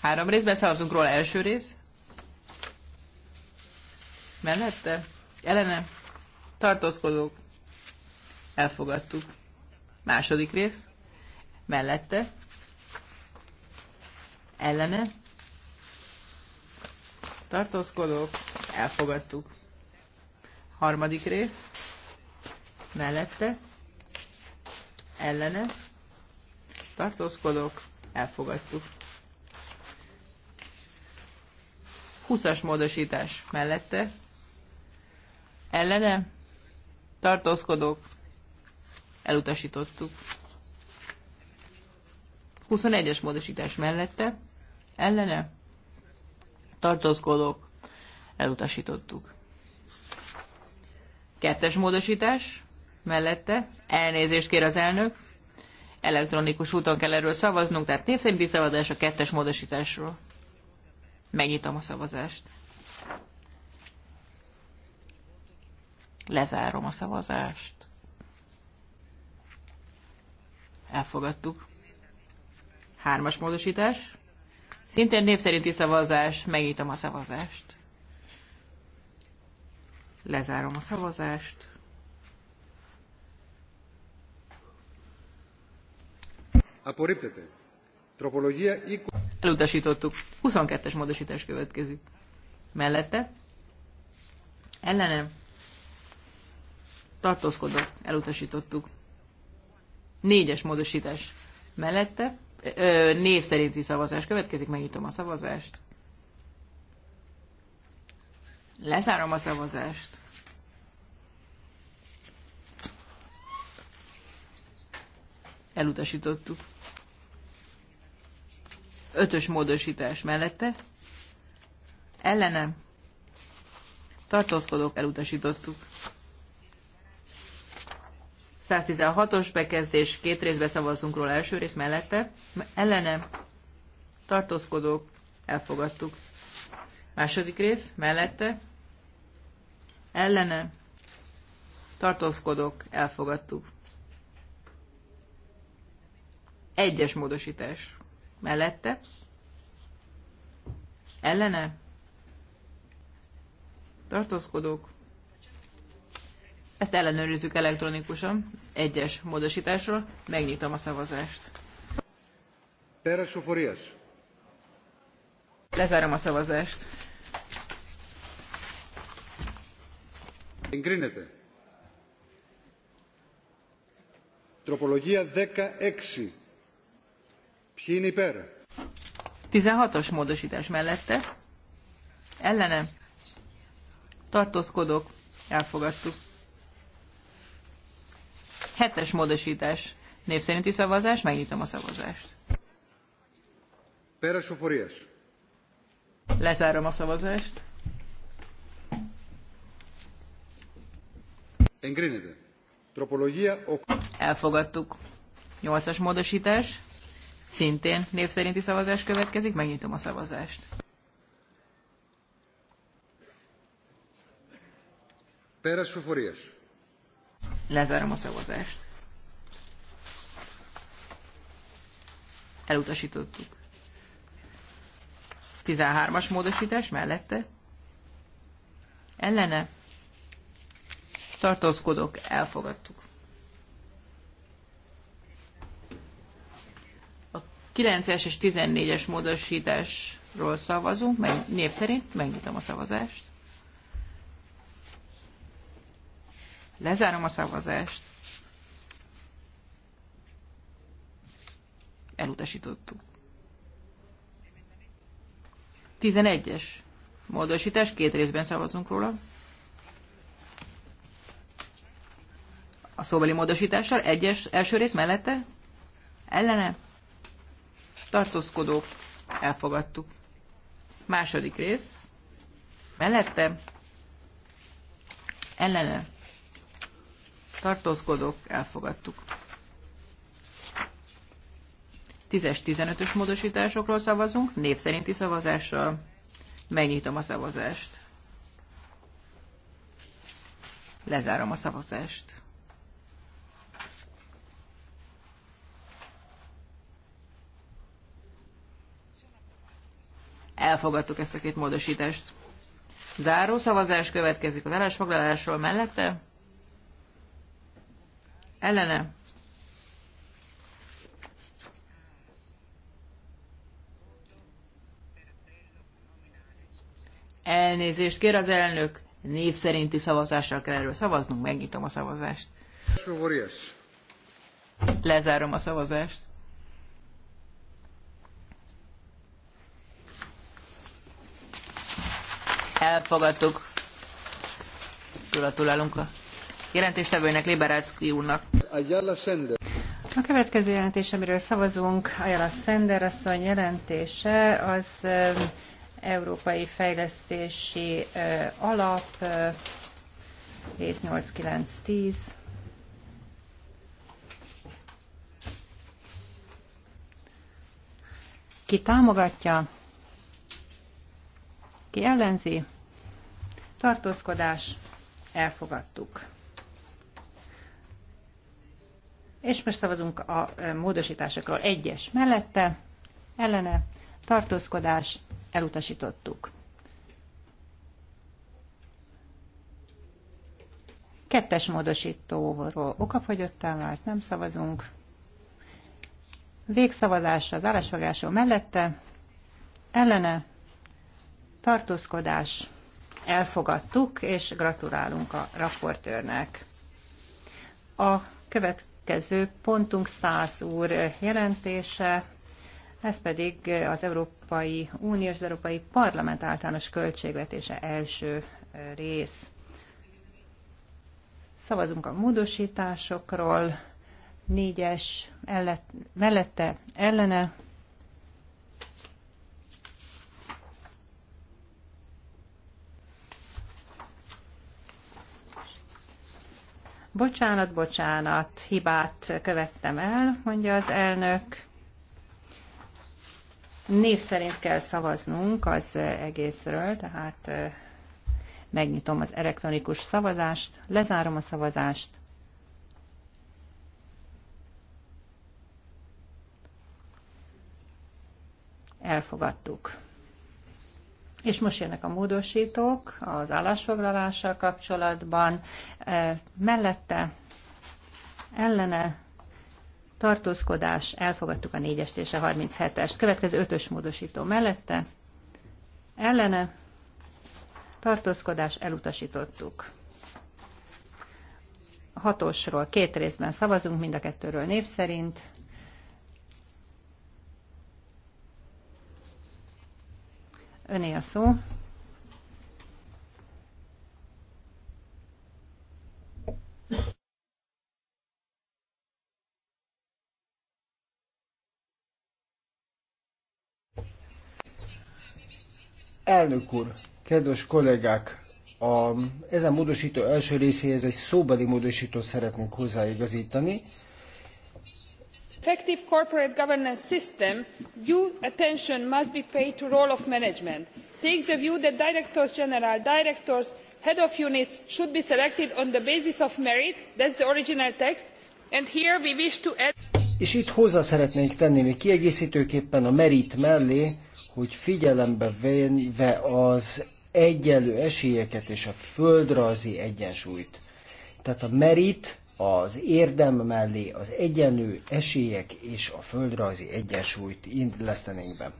Három részben szavazunk róla. Első rész. Mellette. Ellene. Tartózkodók. Elfogadtuk. Második rész. Mellette. Ellene. Tartózkodók. Elfogadtuk. Harmadik rész. Mellette. Ellene. Tartózkodók. Elfogadtuk. 20-as módosítás mellette, ellene, tartózkodók, elutasítottuk. 21-es módosítás mellette, ellene, tartózkodók, elutasítottuk. Kettes módosítás mellette, elnézést kér az elnök, elektronikus úton kell erről szavaznunk, tehát népszerinti szavazás a kettes módosításról. Megnyitom a szavazást. Lezárom a szavazást. Elfogadtuk. Hármas módosítás. Szintén népszerinti szavazás. Megnyitom a szavazást. Lezárom a szavazást. Απορρίπτεται. Elutasítottuk. 22-es módosítás következik. Mellette. Ellenem. Tartózkodott. Elutasítottuk. Négyes módosítás. Mellette. Ö, név szerinti szavazás következik. Megnyitom a szavazást. Lezárom a szavazást. Elutasítottuk. Ötös módosítás mellette. ellenem Tartózkodók elutasítottuk. 116-os bekezdés, két részbe szavazunk róla első rész mellette. Ellene. Tartózkodók elfogadtuk. Második rész mellette. Ellene. Tartózkodók elfogadtuk. Egyes módosítás mellette, ellene, tartózkodók, ezt ellenőrizzük elektronikusan, az egyes módosításról, megnyitom a szavazást. Lezárom a szavazást. Εγκρίνεται. Tropológia 16. 16-os módosítás mellette. Ellene. Tartózkodok. Elfogadtuk. 7-es módosítás. Név szerinti szavazás. Megnyitom a szavazást. Pérez Soforias. Lezárom a szavazást. Εγκρίνεται. Τροπολογία 8. Elfogadtuk. 8-as módosítás. Szintén név szerinti szavazás következik, megnyitom a szavazást. Peres Fuforias. Lezárom a szavazást. Elutasítottuk. 13-as módosítás mellette. Ellene. Tartózkodok, elfogadtuk. 9-es és 14-es módosításról szavazunk, meg név szerint megnyitom a szavazást. Lezárom a szavazást. Elutasítottuk. 11-es módosítás, két részben szavazunk róla. A szóbeli módosítással egyes első rész mellette? Ellene? tartózkodók, elfogadtuk. Második rész, mellette, ellene, tartózkodók, elfogadtuk. 10-es, 15-ös módosításokról szavazunk, név szerinti szavazással. Megnyitom a szavazást. Lezárom a szavazást. Elfogadtuk ezt a két módosítást. Záró szavazás következik az állásfoglalásról mellette. Ellene. Elnézést kér az elnök, név szerinti szavazással kell erről szavaznunk, megnyitom a szavazást. Lezárom a szavazást. Elfogadtuk. Gratulálunk a jelentéstevőnek, Liberácki úrnak. A következő jelentés, amiről szavazunk, Ajala Sender asszony jelentése, az um, Európai Fejlesztési uh, Alap 7-8-9-10. Uh, Ki támogatja? Ki ellenzi? tartózkodás, elfogadtuk. És most szavazunk a e, módosításokról. Egyes mellette, ellene, tartózkodás, elutasítottuk. Kettes módosítóról okafogyottá vált, nem szavazunk. Végszavazás az állásfogásról mellette, ellene, tartózkodás, elfogadtuk, és gratulálunk a raportőrnek. A következő pontunk Szász úr jelentése, ez pedig az Európai Unió és az Európai Parlament általános költségvetése első rész. Szavazunk a módosításokról, négyes ellet, mellette ellene Bocsánat, bocsánat, hibát követtem el, mondja az elnök. Név szerint kell szavaznunk az egészről, tehát megnyitom az elektronikus szavazást, lezárom a szavazást. Elfogadtuk. És most jönnek a módosítók az állásfoglalással kapcsolatban. E, mellette ellene tartózkodás, elfogadtuk a 4-est és a 37-est. Következő 5-ös módosító mellette ellene tartózkodás elutasítottuk. Hatosról két részben szavazunk, mind a kettőről név szerint. Öné a szó. Elnök úr, kedves kollégák, a, ezen módosító első részéhez egy szóbeli módosítót szeretnék hozzáigazítani, effective corporate governance system due attention must be paid to the role of management takes the view that directors general directors head of units should be selected on the basis of merit that is the original text and here we wish to add és itt hozzá szeretnénk tenni még kiegészítőképpen a merit mellé, hogy figyelembe vénve az egyenlő esélyeket és a földrajzi egyensúlyt. Tehát a merit az érdem mellé az egyenlő esélyek és a földrajzi egyensúlyt illesztenénk be.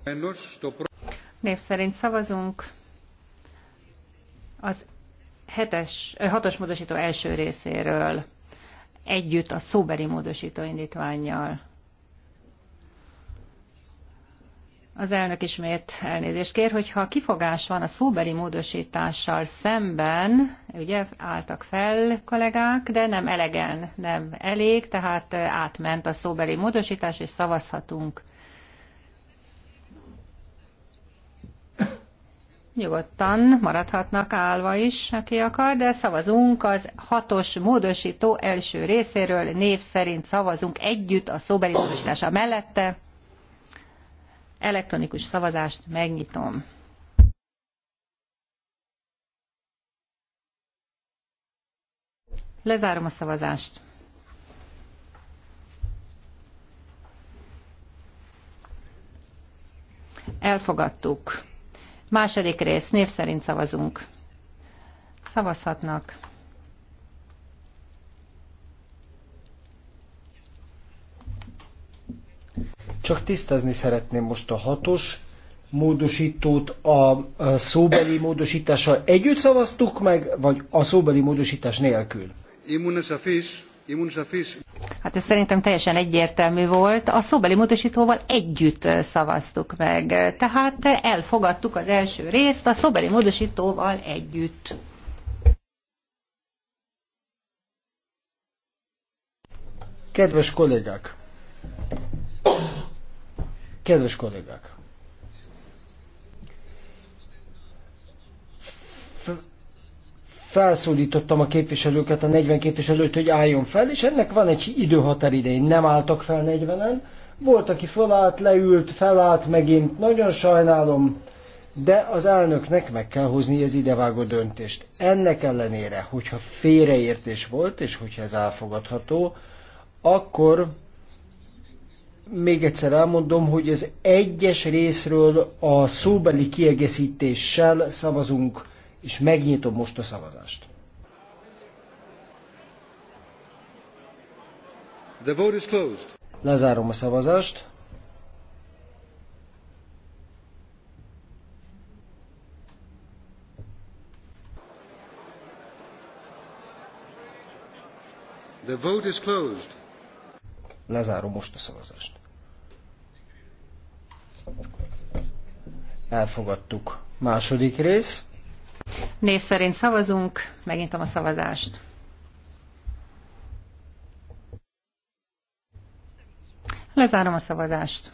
Név szerint szavazunk az hetes, hatos módosító első részéről együtt a szóbeli módosító indítványjal. Az elnök ismét elnézést kér, hogyha kifogás van a szóbeli módosítással szemben, ugye álltak fel kollégák, de nem elegen, nem elég, tehát átment a szóbeli módosítás, és szavazhatunk. Nyugodtan maradhatnak állva is, aki akar, de szavazunk az hatos módosító első részéről, név szerint szavazunk együtt a szóbeli módosítása mellette. Elektronikus szavazást megnyitom. Lezárom a szavazást. Elfogadtuk. Második rész, név szerint szavazunk. Szavazhatnak. Csak tisztázni szeretném most a hatos módosítót a szóbeli módosítással együtt szavaztuk meg, vagy a szóbeli módosítás nélkül? Hát ez szerintem teljesen egyértelmű volt. A szóbeli módosítóval együtt szavaztuk meg. Tehát elfogadtuk az első részt a szóbeli módosítóval együtt. Kedves kollégák! Kedves kollégák! Felszólítottam a képviselőket, a 40 képviselőt, hogy álljon fel, és ennek van egy idején. Nem álltak fel 40-en. Volt, aki felállt, leült, felállt megint. Nagyon sajnálom, de az elnöknek meg kell hozni az idevágó döntést. Ennek ellenére, hogyha félreértés volt, és hogyha ez elfogadható, akkor még egyszer elmondom, hogy az egyes részről a szóbeli kiegészítéssel szavazunk, és megnyitom most a szavazást. The vote is closed. Lezárom a szavazást. The vote is closed. Lezárom most a szavazást. Elfogadtuk. Második rész. Név szerint szavazunk, megnyitom a szavazást. Lezárom a szavazást.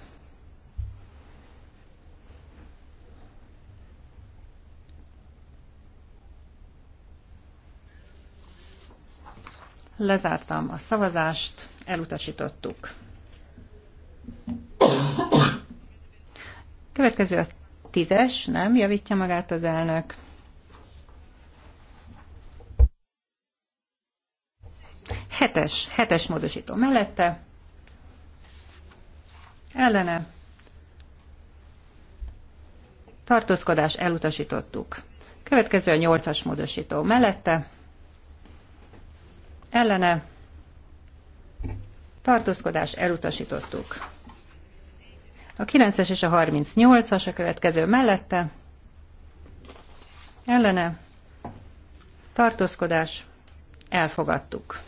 Lezártam a szavazást, elutasítottuk. Következő a tízes, nem javítja magát az elnök. Hetes, hetes módosító mellette. Ellene. Tartózkodás elutasítottuk. Következő a nyolcas módosító mellette. Ellene. Tartózkodás elutasítottuk. A 9-es és a 38-as a következő mellette. Ellene. Tartózkodás. Elfogadtuk.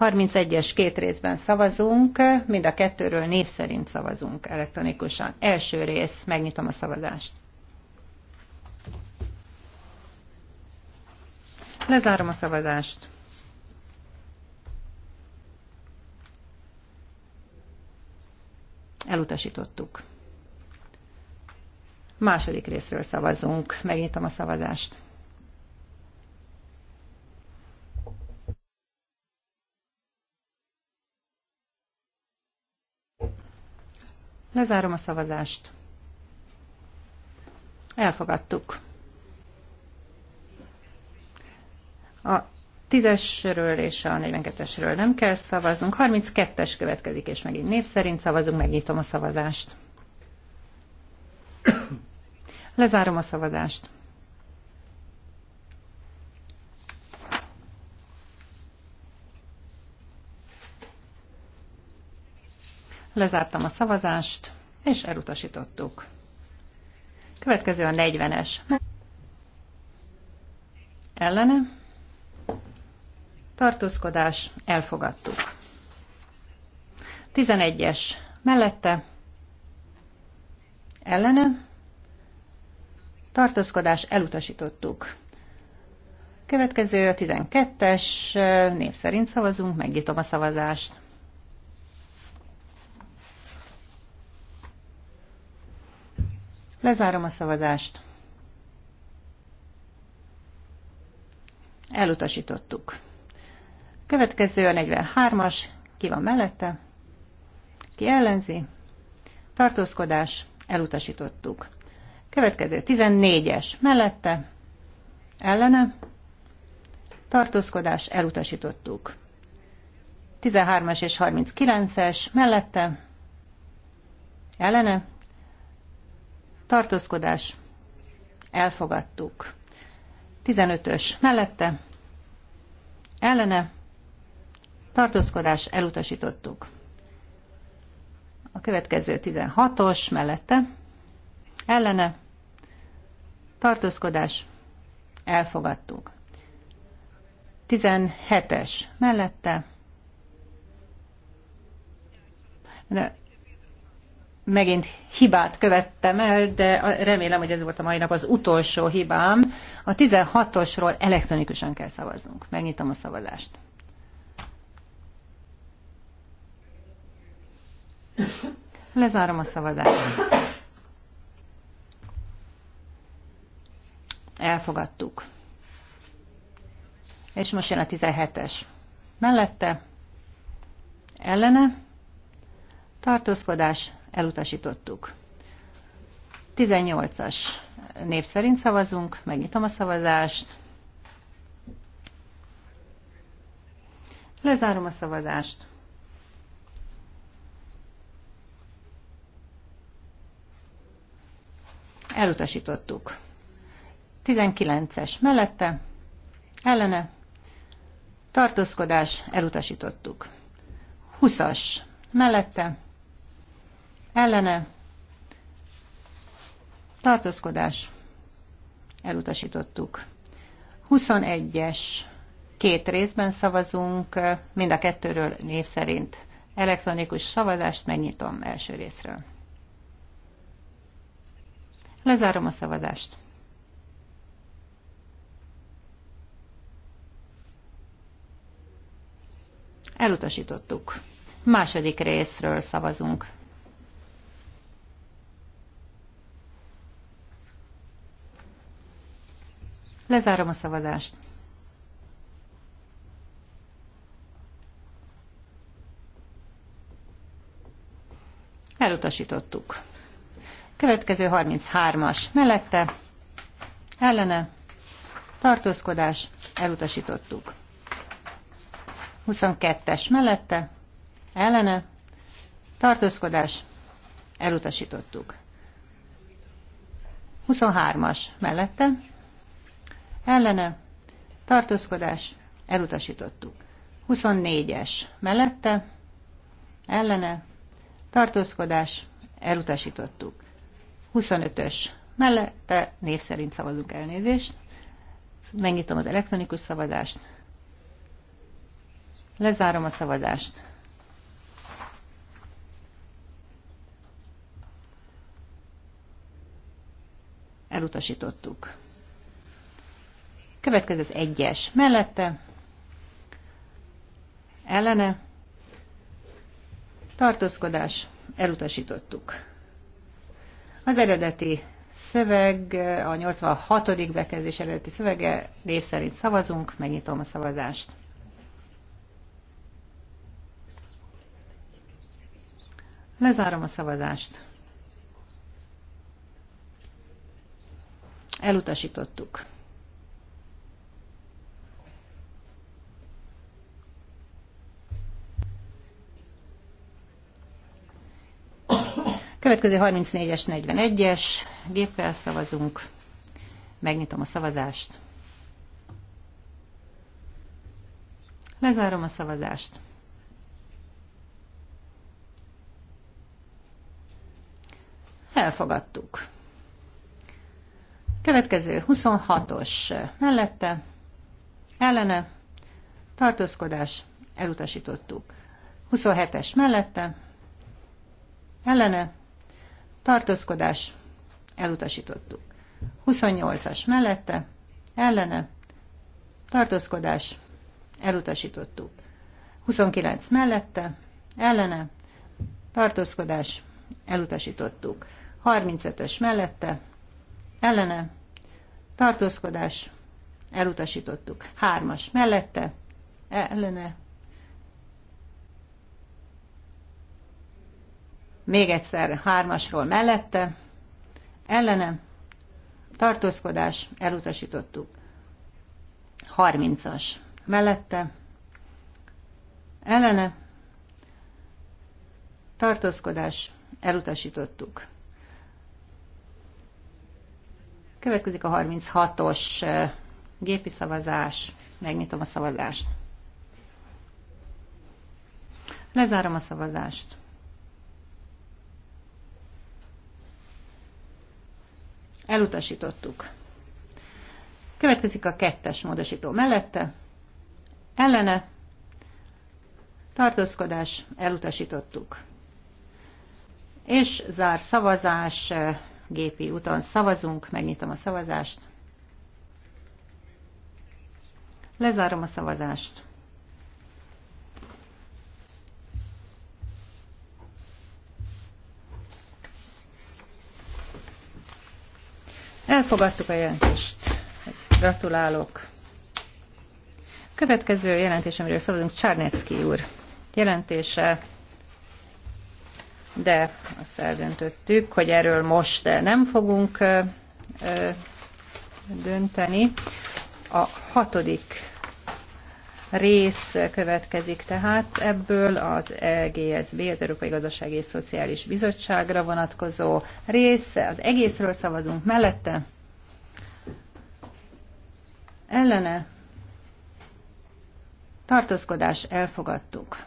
31-es két részben szavazunk, mind a kettőről név szerint szavazunk elektronikusan. Első rész, megnyitom a szavazást. Lezárom a szavazást. Elutasítottuk. Második részről szavazunk. Megnyitom a szavazást. Lezárom a szavazást. Elfogadtuk. A 10-esről és a 42-esről nem kell szavaznunk. 32-es következik, és megint név szerint szavazunk, megnyitom a szavazást. Lezárom a szavazást. Lezártam a szavazást, és elutasítottuk. Következő a 40-es. Ellene? tartózkodás, elfogadtuk. 11-es mellette, ellene, tartózkodás, elutasítottuk. Következő a 12-es, név szerint szavazunk, megnyitom a szavazást. Lezárom a szavazást. Elutasítottuk. Következő a 43-as, ki van mellette, ki ellenzi, tartózkodás, elutasítottuk. Következő 14-es, mellette, ellene, tartózkodás, elutasítottuk. 13-as és 39-es, mellette, ellene, tartózkodás, elfogadtuk. 15-ös, mellette, ellene, tartózkodás elutasítottuk. A következő 16-os mellette ellene tartózkodás elfogadtuk. 17-es mellette de megint hibát követtem el, de remélem, hogy ez volt a mai nap az utolsó hibám. A 16-osról elektronikusan kell szavaznunk. Megnyitom a szavazást. Lezárom a szavazást. Elfogadtuk. És most jön a 17-es. Mellette, ellene, tartózkodás, elutasítottuk. 18-as név szerint szavazunk, megnyitom a szavazást. Lezárom a szavazást. Elutasítottuk. 19-es mellette, ellene, tartózkodás, elutasítottuk. 20-as mellette, ellene, tartózkodás, elutasítottuk. 21-es, két részben szavazunk, mind a kettőről név szerint. Elektronikus szavazást megnyitom első részről. Lezárom a szavazást. Elutasítottuk. Második részről szavazunk. Lezárom a szavazást. Elutasítottuk. Következő 33-as mellette, ellene, tartózkodás, elutasítottuk. 22-es mellette, ellene, tartózkodás, elutasítottuk. 23-as mellette, ellene, tartózkodás, elutasítottuk. 24-es mellette, ellene, tartózkodás, elutasítottuk. 25-ös mellette név szerint szavazunk elnézést. Megnyitom az elektronikus szavazást. Lezárom a szavazást. Elutasítottuk. Következő az egyes. Mellette, ellene, tartózkodás, elutasítottuk. Az eredeti szöveg, a 86. bekezdés eredeti szövege, név szerint szavazunk, megnyitom a szavazást. Lezárom a szavazást. Elutasítottuk. Következő 34-es, 41-es, géppel szavazunk. Megnyitom a szavazást. Lezárom a szavazást. Elfogadtuk. Következő 26-os mellette, ellene, tartózkodás, elutasítottuk. 27-es mellette, ellene, tartózkodás, elutasítottuk. 28-as mellette, ellene, tartózkodás, elutasítottuk. 29 mellette, ellene, tartózkodás, elutasítottuk. 35-ös mellette, ellene, tartózkodás, elutasítottuk. 3-as mellette, ellene, Még egyszer hármasról mellette, ellene, tartózkodás, elutasítottuk. 30-as mellette, ellene, tartózkodás, elutasítottuk. Következik a 36-os eh, gépi szavazás. Megnyitom a szavazást. Lezárom a szavazást. Elutasítottuk. Következik a kettes módosító mellette. Ellene. Tartózkodás. Elutasítottuk. És zár szavazás. Gépi úton szavazunk. Megnyitom a szavazást. Lezárom a szavazást. Elfogadtuk a jelentést. Gratulálok. Következő jelentés, amiről szavazunk, Csárnecki úr jelentése, de azt eldöntöttük, hogy erről most nem fogunk dönteni. A hatodik rész következik tehát ebből az EGSB, az Európai Gazdasági és Szociális Bizottságra vonatkozó rész. Az egészről szavazunk mellette. Ellene tartózkodás elfogadtuk.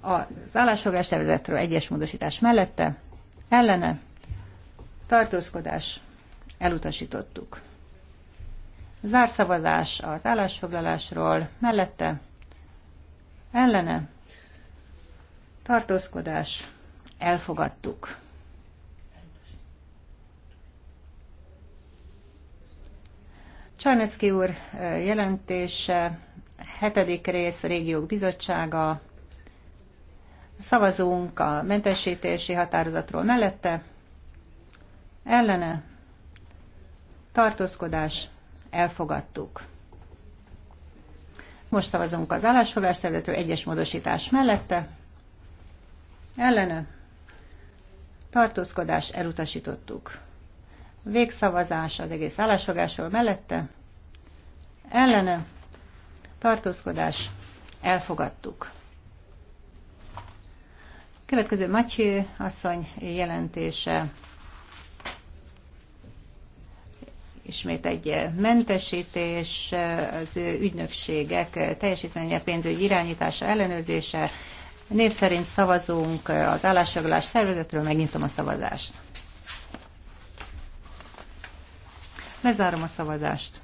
Az állásfoglás tervezetről egyes módosítás mellette, ellene tartózkodás elutasítottuk. Zárszavazás az állásfoglalásról mellette ellene tartózkodás elfogadtuk. Csarnecki úr jelentése, hetedik rész, régiók bizottsága, szavazunk a mentesítési határozatról mellette, ellene, tartózkodás, elfogadtuk. Most szavazunk az állásfogás területről egyes módosítás mellette. Ellene. Tartózkodás elutasítottuk. Végszavazás az egész állásfogásról mellette. Ellene. Tartózkodás elfogadtuk. Következő Matyi asszony jelentése ismét egy eh, mentesítés, eh, az ügynökségek eh, teljesítménye, pénzügyi irányítása, ellenőrzése. Név szerint szavazunk az állásfoglalás szervezetről, megnyitom a szavazást. Lezárom a szavazást.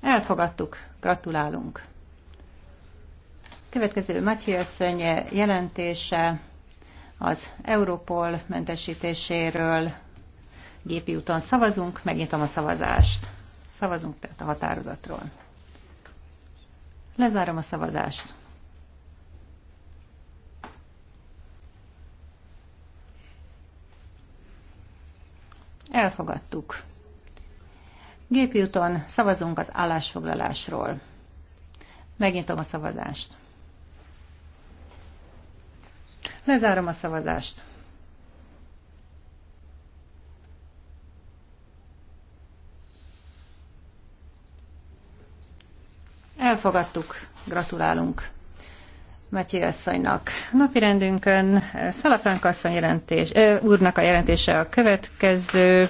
Elfogadtuk. Gratulálunk. Következő Matyi asszony jelentése az Europol mentesítéséről gépi úton szavazunk, megnyitom a szavazást. Szavazunk tehát a határozatról. Lezárom a szavazást. Elfogadtuk. Gépi úton szavazunk az állásfoglalásról. Megnyitom a szavazást. Lezárom a szavazást. Elfogadtuk. Gratulálunk. Matyi asszonynak. Napirendünkön Szalafránk asszony jelentés, ö, úrnak a jelentése a következő.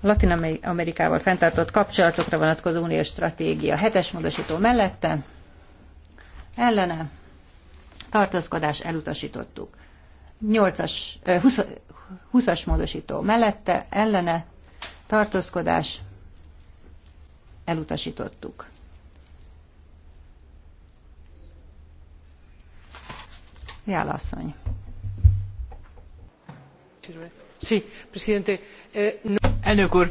Latin Amerikával fenntartott kapcsolatokra vonatkozó uniós stratégia. Hetes módosító mellette. Ellene tartózkodás elutasítottuk. 8-as, 20, 20-as módosító mellette, ellene, tartózkodás elutasítottuk. Jálasszony. Sí, presidente. Eh, Elnök úr,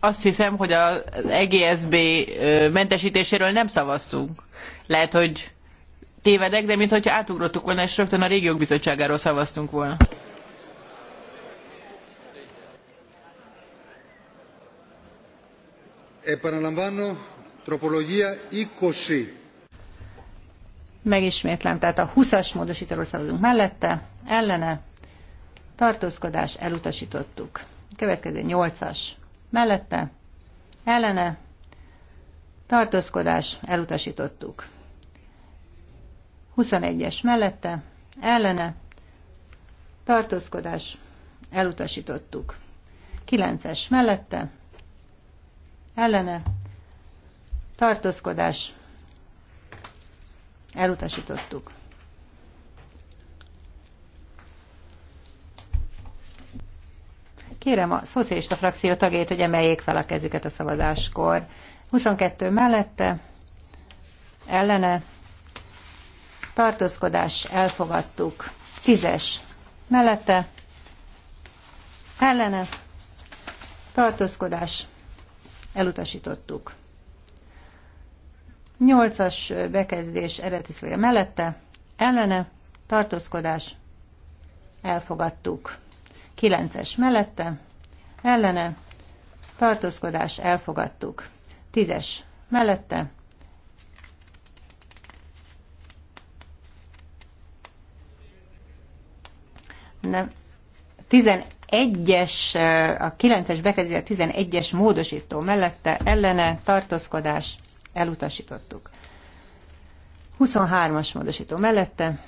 azt hiszem, hogy az EGSB mentesítéséről nem szavaztunk. Lehet, hogy tévedek, de mintha átugrottuk volna, és rögtön a régiók bizottságáról szavaztunk volna. Επαναλαμβάνω, tropológia 20. Megismétlem, tehát a 20-as módosítóról szavazunk mellette, ellene, tartózkodás, elutasítottuk. Következő 8-as, mellette, ellene, tartózkodás, elutasítottuk. 21-es mellette, ellene, tartózkodás, elutasítottuk. 9-es mellette, ellene, tartózkodás, elutasítottuk. Kérem a szocialista frakció tagjait, hogy emeljék fel a kezüket a szavazáskor. 22 mellette, ellene, tartózkodás, elfogadtuk. 10-es mellette, ellene, tartózkodás, elutasítottuk. 8-as bekezdés eredeti mellette, ellene, tartózkodás, elfogadtuk. 9-es mellette, ellene, tartózkodás, elfogadtuk. Tízes. Mellette. Nem. Tizenegyes a kilences es bekezdés, a tizenegyes módosító mellette ellene tartózkodás elutasítottuk. 23-as módosító mellette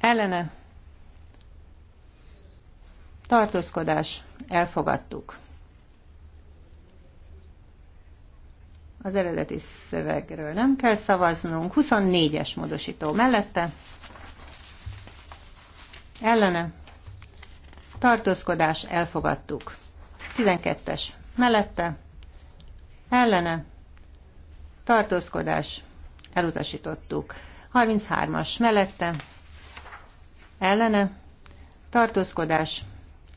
ellene tartózkodás elfogadtuk. az eredeti szövegről nem kell szavaznunk. 24-es módosító mellette. Ellene. Tartózkodás elfogadtuk. 12-es mellette. Ellene. Tartózkodás elutasítottuk. 33-as mellette. Ellene. Tartózkodás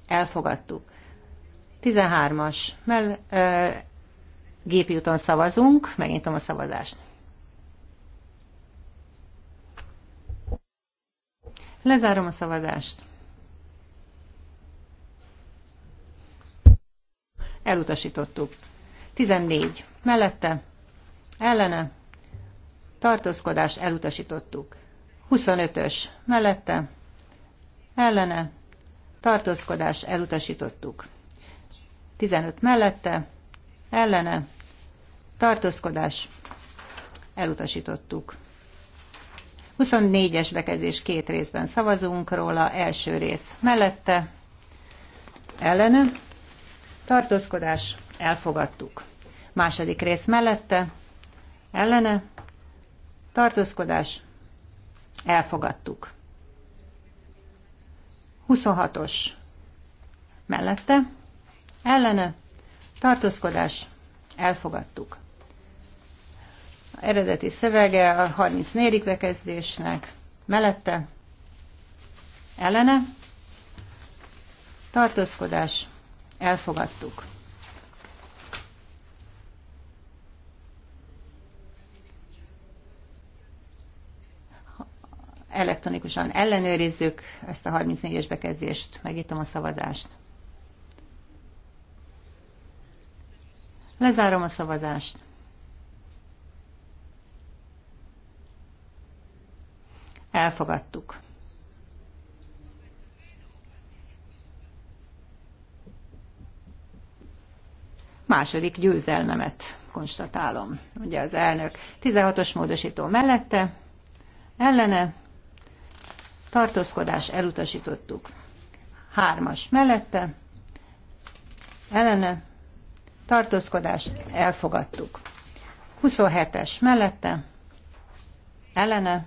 elfogadtuk. 13-as mell- Gépi úton szavazunk, megnyitom a szavazást. Lezárom a szavazást. Elutasítottuk. 14. Mellette. Ellene. Tartózkodás elutasítottuk. 25-ös. Mellette. Ellene. Tartózkodás elutasítottuk. 15 mellette. Ellene tartózkodás, elutasítottuk. 24-es bekezés két részben szavazunk róla, első rész mellette, ellene, tartózkodás, elfogadtuk. Második rész mellette, ellene, tartózkodás, elfogadtuk. 26-os mellette, ellene, tartózkodás, elfogadtuk eredeti szövege a 34. bekezdésnek, mellette, ellene, tartózkodás, elfogadtuk. Elektronikusan ellenőrizzük ezt a 34-es bekezdést, megítom a szavazást. Lezárom a szavazást. elfogadtuk. Második győzelmemet konstatálom, ugye az elnök. 16-os módosító mellette, ellene, tartózkodás elutasítottuk. Hármas mellette, ellene, tartózkodás elfogadtuk. 27-es mellette, ellene,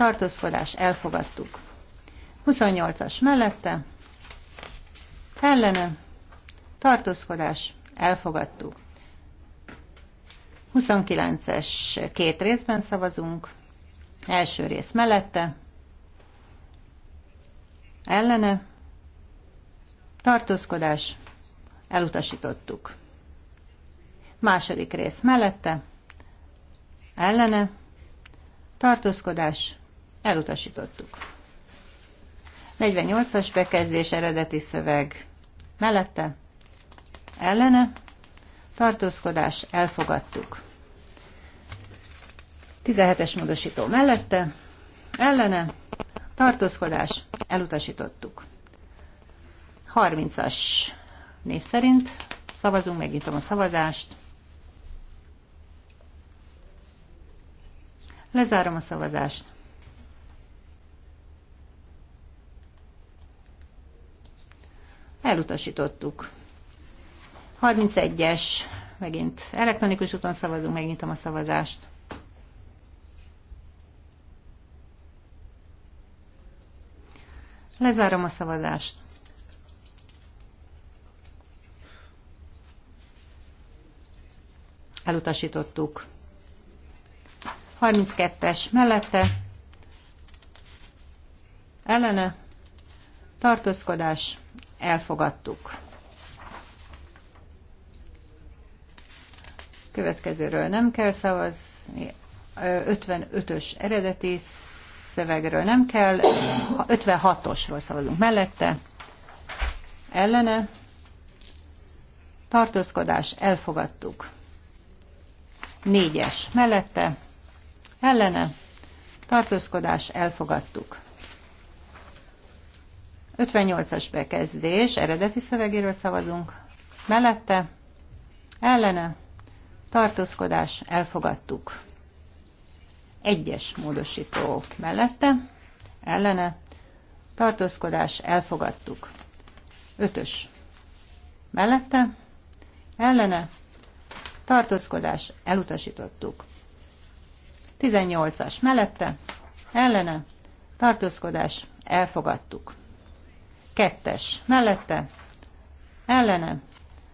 tartózkodás elfogadtuk. 28-as mellette, ellene, tartózkodás elfogadtuk. 29-es két részben szavazunk, első rész mellette, ellene, tartózkodás elutasítottuk. Második rész mellette, ellene, tartózkodás Elutasítottuk. 48-as bekezdés eredeti szöveg mellette, ellene, tartózkodás, elfogadtuk. 17-es módosító mellette, ellene, tartózkodás, elutasítottuk. 30-as név szerint szavazunk, megnyitom a szavazást. Lezárom a szavazást. Elutasítottuk. 31-es, megint elektronikus úton szavazunk, megnyitom a szavazást. Lezárom a szavazást. Elutasítottuk. 32-es mellette. Ellene. Tartózkodás elfogadtuk. Következőről nem kell szavazni. 55-ös eredeti szövegről nem kell. 56-osról szavazunk mellette. Ellene. Tartózkodás. Elfogadtuk. 4-es mellette. Ellene. Tartózkodás. Elfogadtuk. 58-as bekezdés, eredeti szövegéről szavazunk. Mellette, ellene, tartózkodás, elfogadtuk. Egyes módosító mellette, ellene, tartózkodás, elfogadtuk. Ötös. Mellette, ellene, tartózkodás, elutasítottuk. 18-as mellette, ellene, tartózkodás, elfogadtuk. Kettes. Mellette. Ellene.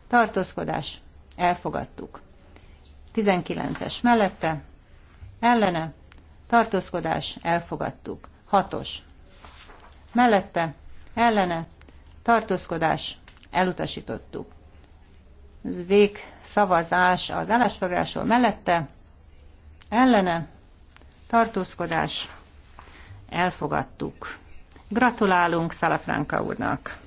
Tartózkodás. Elfogadtuk. 19-es. Mellette. Ellene. Tartózkodás. Elfogadtuk. Hatos. Mellette. Ellene. Tartózkodás. Elutasítottuk. Ez végszavazás az állásfoglásról mellette. Ellene. Tartózkodás. Elfogadtuk. Gratulálunk Szalafránka úrnak!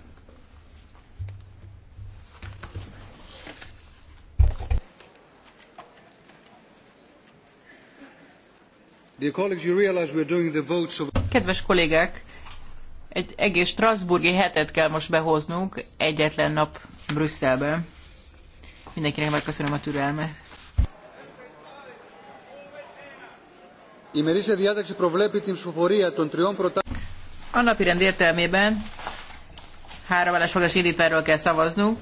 Kedves kollégák, egy egész Strasburgi hetet kell most behoznunk egyetlen nap Brüsszelben. Mindenkinek megköszönöm a türelmet. A rend értelmében három állásfogás indítványról kell szavaznunk.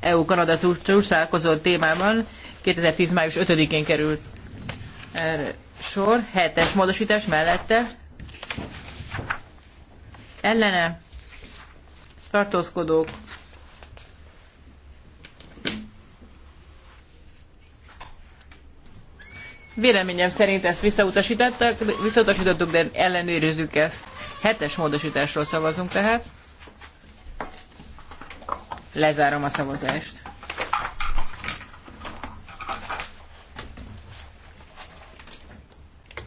EU-Kanada csúcs témában 2010. május 5-én került erre sor. Hetes módosítás mellette ellene tartózkodók Véleményem szerint ezt visszautasítottak, visszautasítottuk, de ellenőrizzük ezt. Hetes módosításról szavazunk tehát. Lezárom a szavazást.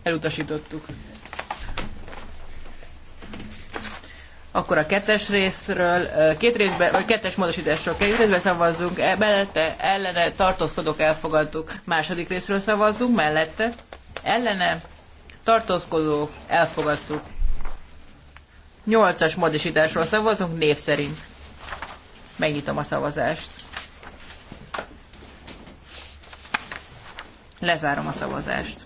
Elutasítottuk. Akkor a kettes részről, két részbe, vagy kettes módosításról két részbe szavazzunk, e, mellette, ellene, tartózkodok, elfogadtuk. Második részről szavazzunk, mellette, ellene, tartózkodó, elfogadtuk. Nyolcas modisításról szavazunk név szerint. Megnyitom a szavazást. Lezárom a szavazást.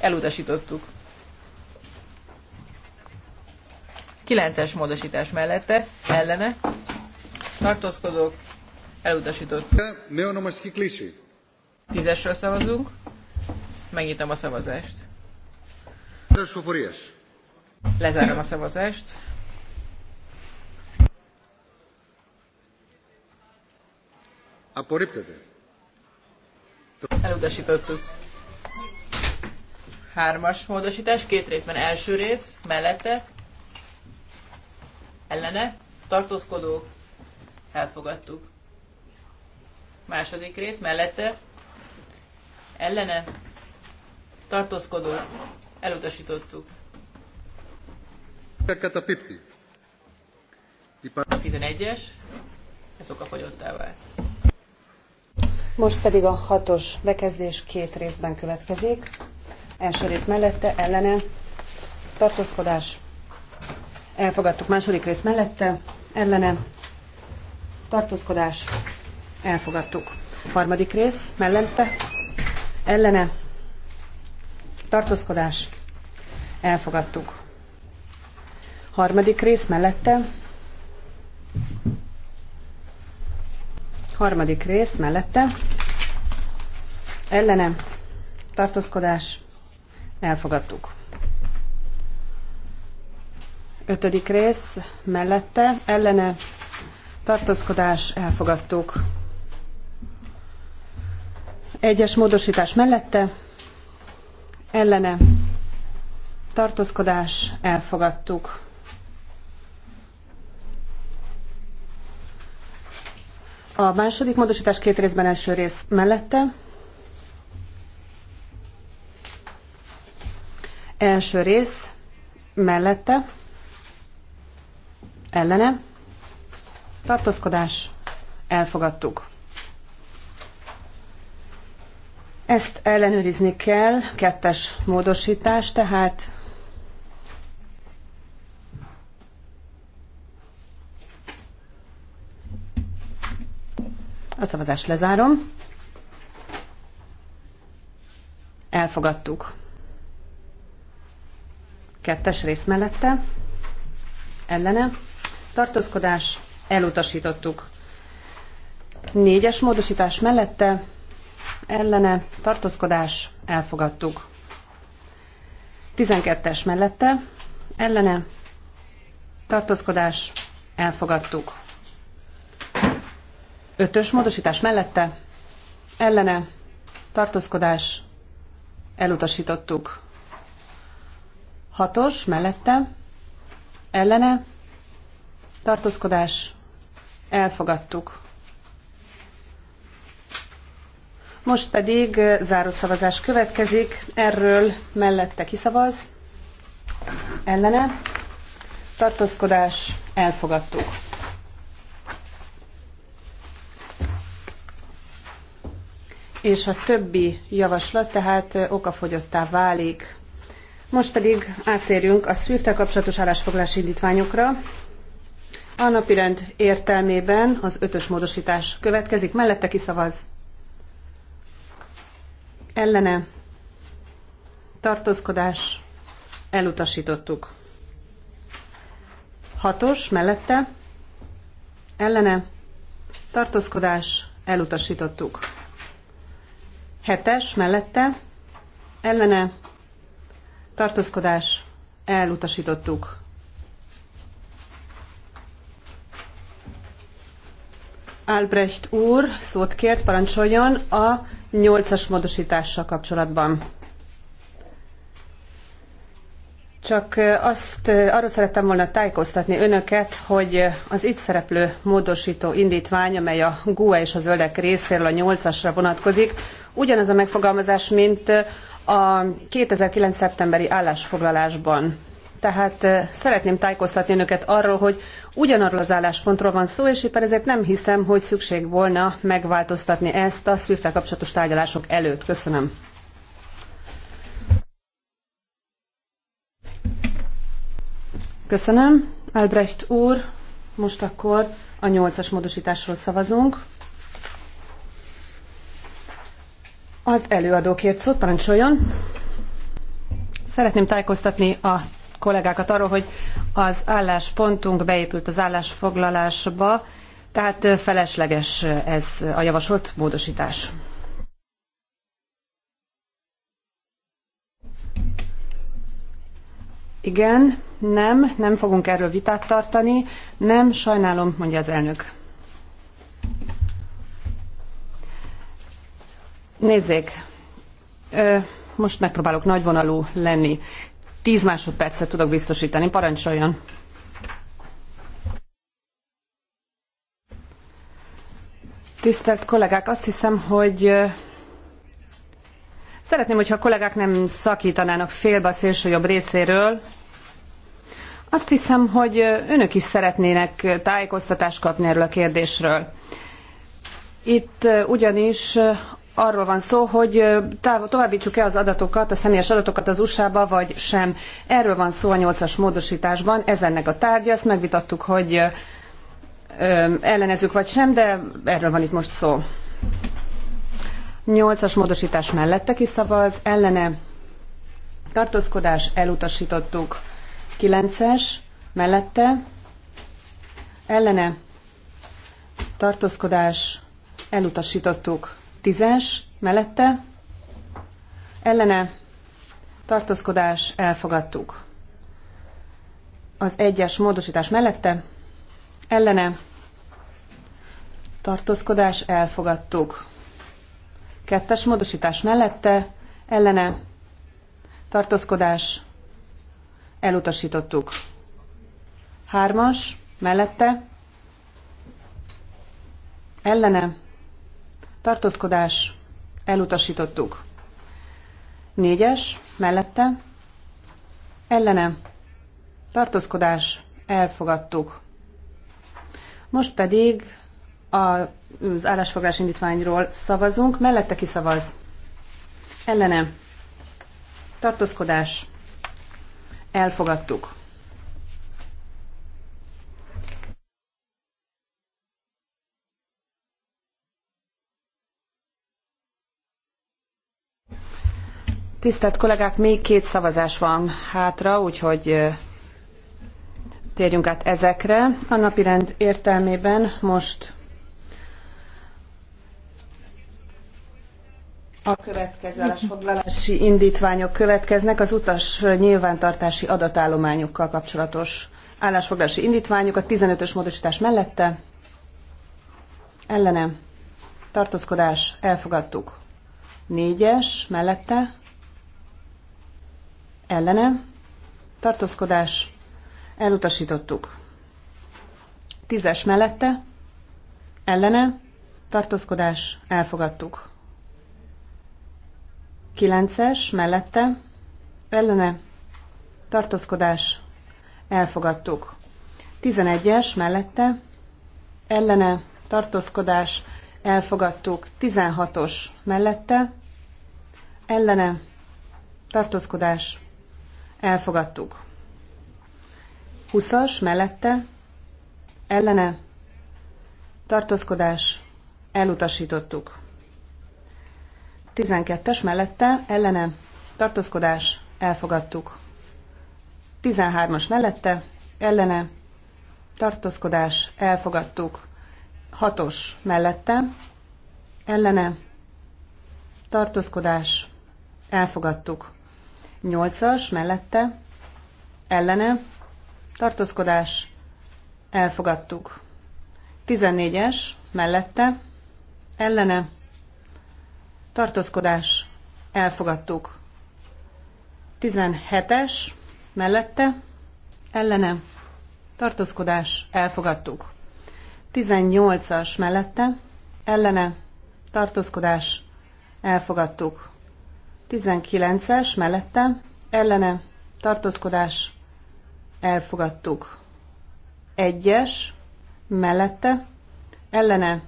Elutasítottuk. 9-es módosítás mellette, ellene, tartózkodók, elutasítottuk. Mi a Tízesről szavazunk. Megnyitom a szavazást. Lezárom a szavazást. Απορρίπτεται. Elutasítottuk. Hármas módosítás, két részben. Első rész, mellette, ellene, tartózkodó, elfogadtuk. Második rész, mellette, ellene tartózkodó elutasítottuk. 11-es, ez okafogyottá vált. Most pedig a hatos bekezdés két részben következik. Első rész mellette, ellene, tartózkodás. Elfogadtuk második rész mellette, ellene, tartózkodás. Elfogadtuk. Harmadik rész mellette, ellene tartózkodás elfogadtuk. Harmadik rész mellette harmadik rész mellette ellene tartózkodás elfogadtuk. Ötödik rész mellette ellene tartózkodás elfogadtuk. Egyes módosítás mellette, ellene, tartózkodás, elfogadtuk. A második módosítás két részben első rész mellette. Első rész mellette. Ellene. Tartózkodás. Elfogadtuk. Ezt ellenőrizni kell, kettes módosítás, tehát a szavazást lezárom. Elfogadtuk. Kettes rész mellette, ellene, tartózkodás, elutasítottuk. Négyes módosítás mellette, ellene tartózkodás elfogadtuk. 12-es mellette ellene tartózkodás elfogadtuk. 5-ös módosítás mellette ellene tartózkodás elutasítottuk. 6-os mellette ellene tartózkodás elfogadtuk. Most pedig zárószavazás következik. Erről mellette kiszavaz. Ellene. Tartózkodás. Elfogadtuk. És a többi javaslat tehát okafogyottá válik. Most pedig átérjünk a swift kapcsolatos állásfoglalás indítványokra. A napirend értelmében az ötös módosítás következik. Mellette kiszavaz ellene tartózkodás elutasítottuk. Hatos mellette ellene tartózkodás elutasítottuk. Hetes mellette ellene tartózkodás elutasítottuk. Albrecht úr szót kért, parancsoljon a nyolcas módosítással kapcsolatban. Csak azt, arról szerettem volna tájékoztatni önöket, hogy az itt szereplő módosító indítvány, amely a GUE és az zöldek részéről a 8-asra vonatkozik, ugyanaz a megfogalmazás, mint a 2009. szeptemberi állásfoglalásban tehát szeretném tájékoztatni önöket arról, hogy ugyanarról az álláspontról van szó, és éppen ezért nem hiszem, hogy szükség volna megváltoztatni ezt a swift kapcsolatos tárgyalások előtt. Köszönöm. Köszönöm. Albrecht úr, most akkor a nyolcas módosításról szavazunk. Az előadókért szót parancsoljon. Szeretném tájékoztatni a kollégákat arról, hogy az álláspontunk beépült az állásfoglalásba, tehát felesleges ez a javasolt módosítás. Igen, nem, nem fogunk erről vitát tartani. Nem, sajnálom, mondja az elnök. Nézzék, most megpróbálok nagyvonalú lenni. 10 másodpercet tudok biztosítani. Parancsoljon! Tisztelt kollégák, azt hiszem, hogy szeretném, hogyha a kollégák nem szakítanának félbe a szélsőjobb részéről. Azt hiszem, hogy önök is szeretnének tájékoztatást kapni erről a kérdésről. Itt ugyanis arról van szó, hogy továbbítsuk-e az adatokat, a személyes adatokat az USA-ba, vagy sem. Erről van szó a nyolcas as módosításban, ez ennek a tárgya, ezt megvitattuk, hogy ellenezzük vagy sem, de erről van itt most szó. nyolcas as módosítás mellette kiszavaz, ellene tartózkodás, elutasítottuk. kilences es mellette, ellene tartózkodás, elutasítottuk. Tízes, mellette, ellene, tartózkodás, elfogadtuk. Az egyes módosítás mellette, ellene, tartózkodás, elfogadtuk. Kettes módosítás mellette, ellene, tartózkodás, elutasítottuk. Hármas, mellette, ellene, tartózkodás, elutasítottuk. Négyes, mellette, ellene, tartózkodás, elfogadtuk. Most pedig az állásfoglás indítványról szavazunk, mellette kiszavaz. Ellene, tartózkodás, elfogadtuk. Tisztelt kollégák, még két szavazás van hátra, úgyhogy térjünk át ezekre. A napirend értelmében most a következő állásfoglalási indítványok következnek az utas nyilvántartási adatállományokkal kapcsolatos állásfoglalási indítványok a 15-ös módosítás mellette. Ellene. Tartózkodás. Elfogadtuk. Négyes mellette ellene, tartózkodás, elutasítottuk. Tízes mellette, ellene, tartózkodás, elfogadtuk. Kilences mellette, ellene, tartózkodás, elfogadtuk. Tizenegyes mellette, ellene, tartózkodás, elfogadtuk. Tizenhatos mellette, ellene, tartózkodás, Elfogadtuk. 20 mellette, ellene, tartózkodás, elutasítottuk. 12-es mellette, ellene, tartózkodás, elfogadtuk. 13 mellette, ellene, tartózkodás, elfogadtuk. 6-os mellette, ellene, tartózkodás, elfogadtuk. Nyolcas mellette, ellene, tartózkodás, elfogadtuk. Tizennégyes mellette, ellene, tartózkodás, elfogadtuk. Tizenhetes, mellette, ellene, tartózkodás, elfogadtuk. Tizennyolcas mellette, ellene, tartózkodás, elfogadtuk. 19-es mellette ellene tartózkodás elfogadtuk. 1-es mellette ellene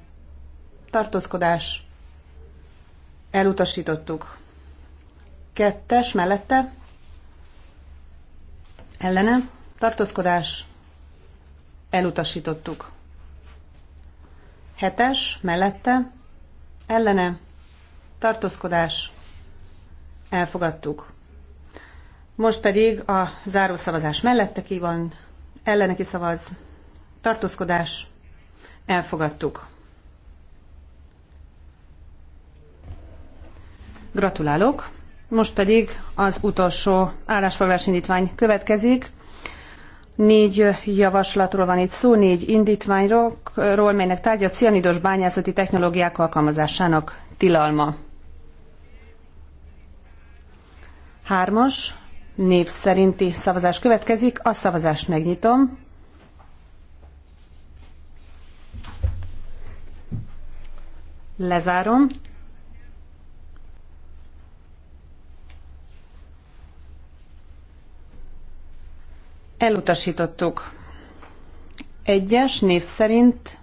tartózkodás elutasítottuk. 2-es mellette ellene tartózkodás elutasítottuk. 7-es mellette ellene tartózkodás elutasítottuk. Elfogadtuk. Most pedig a zárószavazás mellette ki van, ellene ki szavaz, tartózkodás, elfogadtuk. Gratulálok! Most pedig az utolsó állásfoglalás indítvány következik. Négy javaslatról van itt szó, négy indítványról, melynek tárgya cianidos bányászati technológiák alkalmazásának tilalma. Hármas név szerinti szavazás következik. A szavazást megnyitom. Lezárom. Elutasítottuk. Egyes név szerint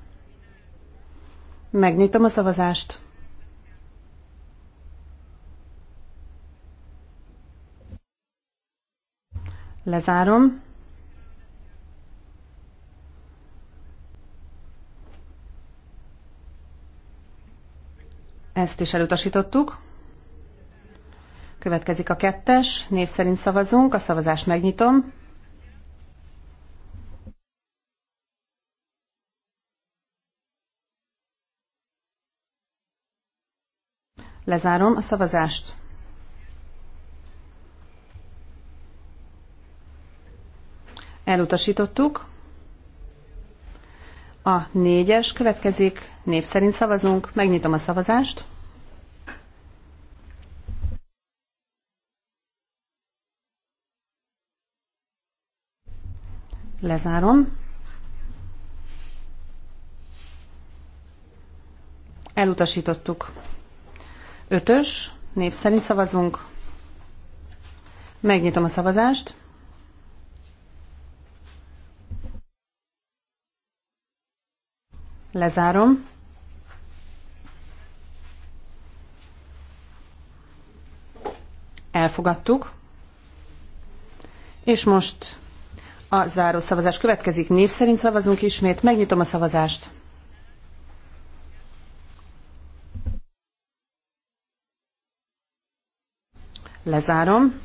megnyitom a szavazást. Lezárom. Ezt is elutasítottuk. Következik a kettes, név szerint szavazunk, a szavazást megnyitom. Lezárom a szavazást. Elutasítottuk. A négyes következik, név szerint szavazunk, megnyitom a szavazást. Lezárom. Elutasítottuk. Ötös, név szerint szavazunk. Megnyitom a szavazást. Lezárom. Elfogadtuk. És most a záró szavazás következik. Név szerint szavazunk ismét. Megnyitom a szavazást. Lezárom.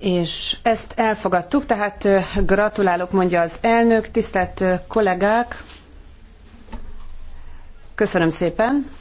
És ezt elfogadtuk, tehát gratulálok, mondja az elnök, tisztelt kollégák, köszönöm szépen.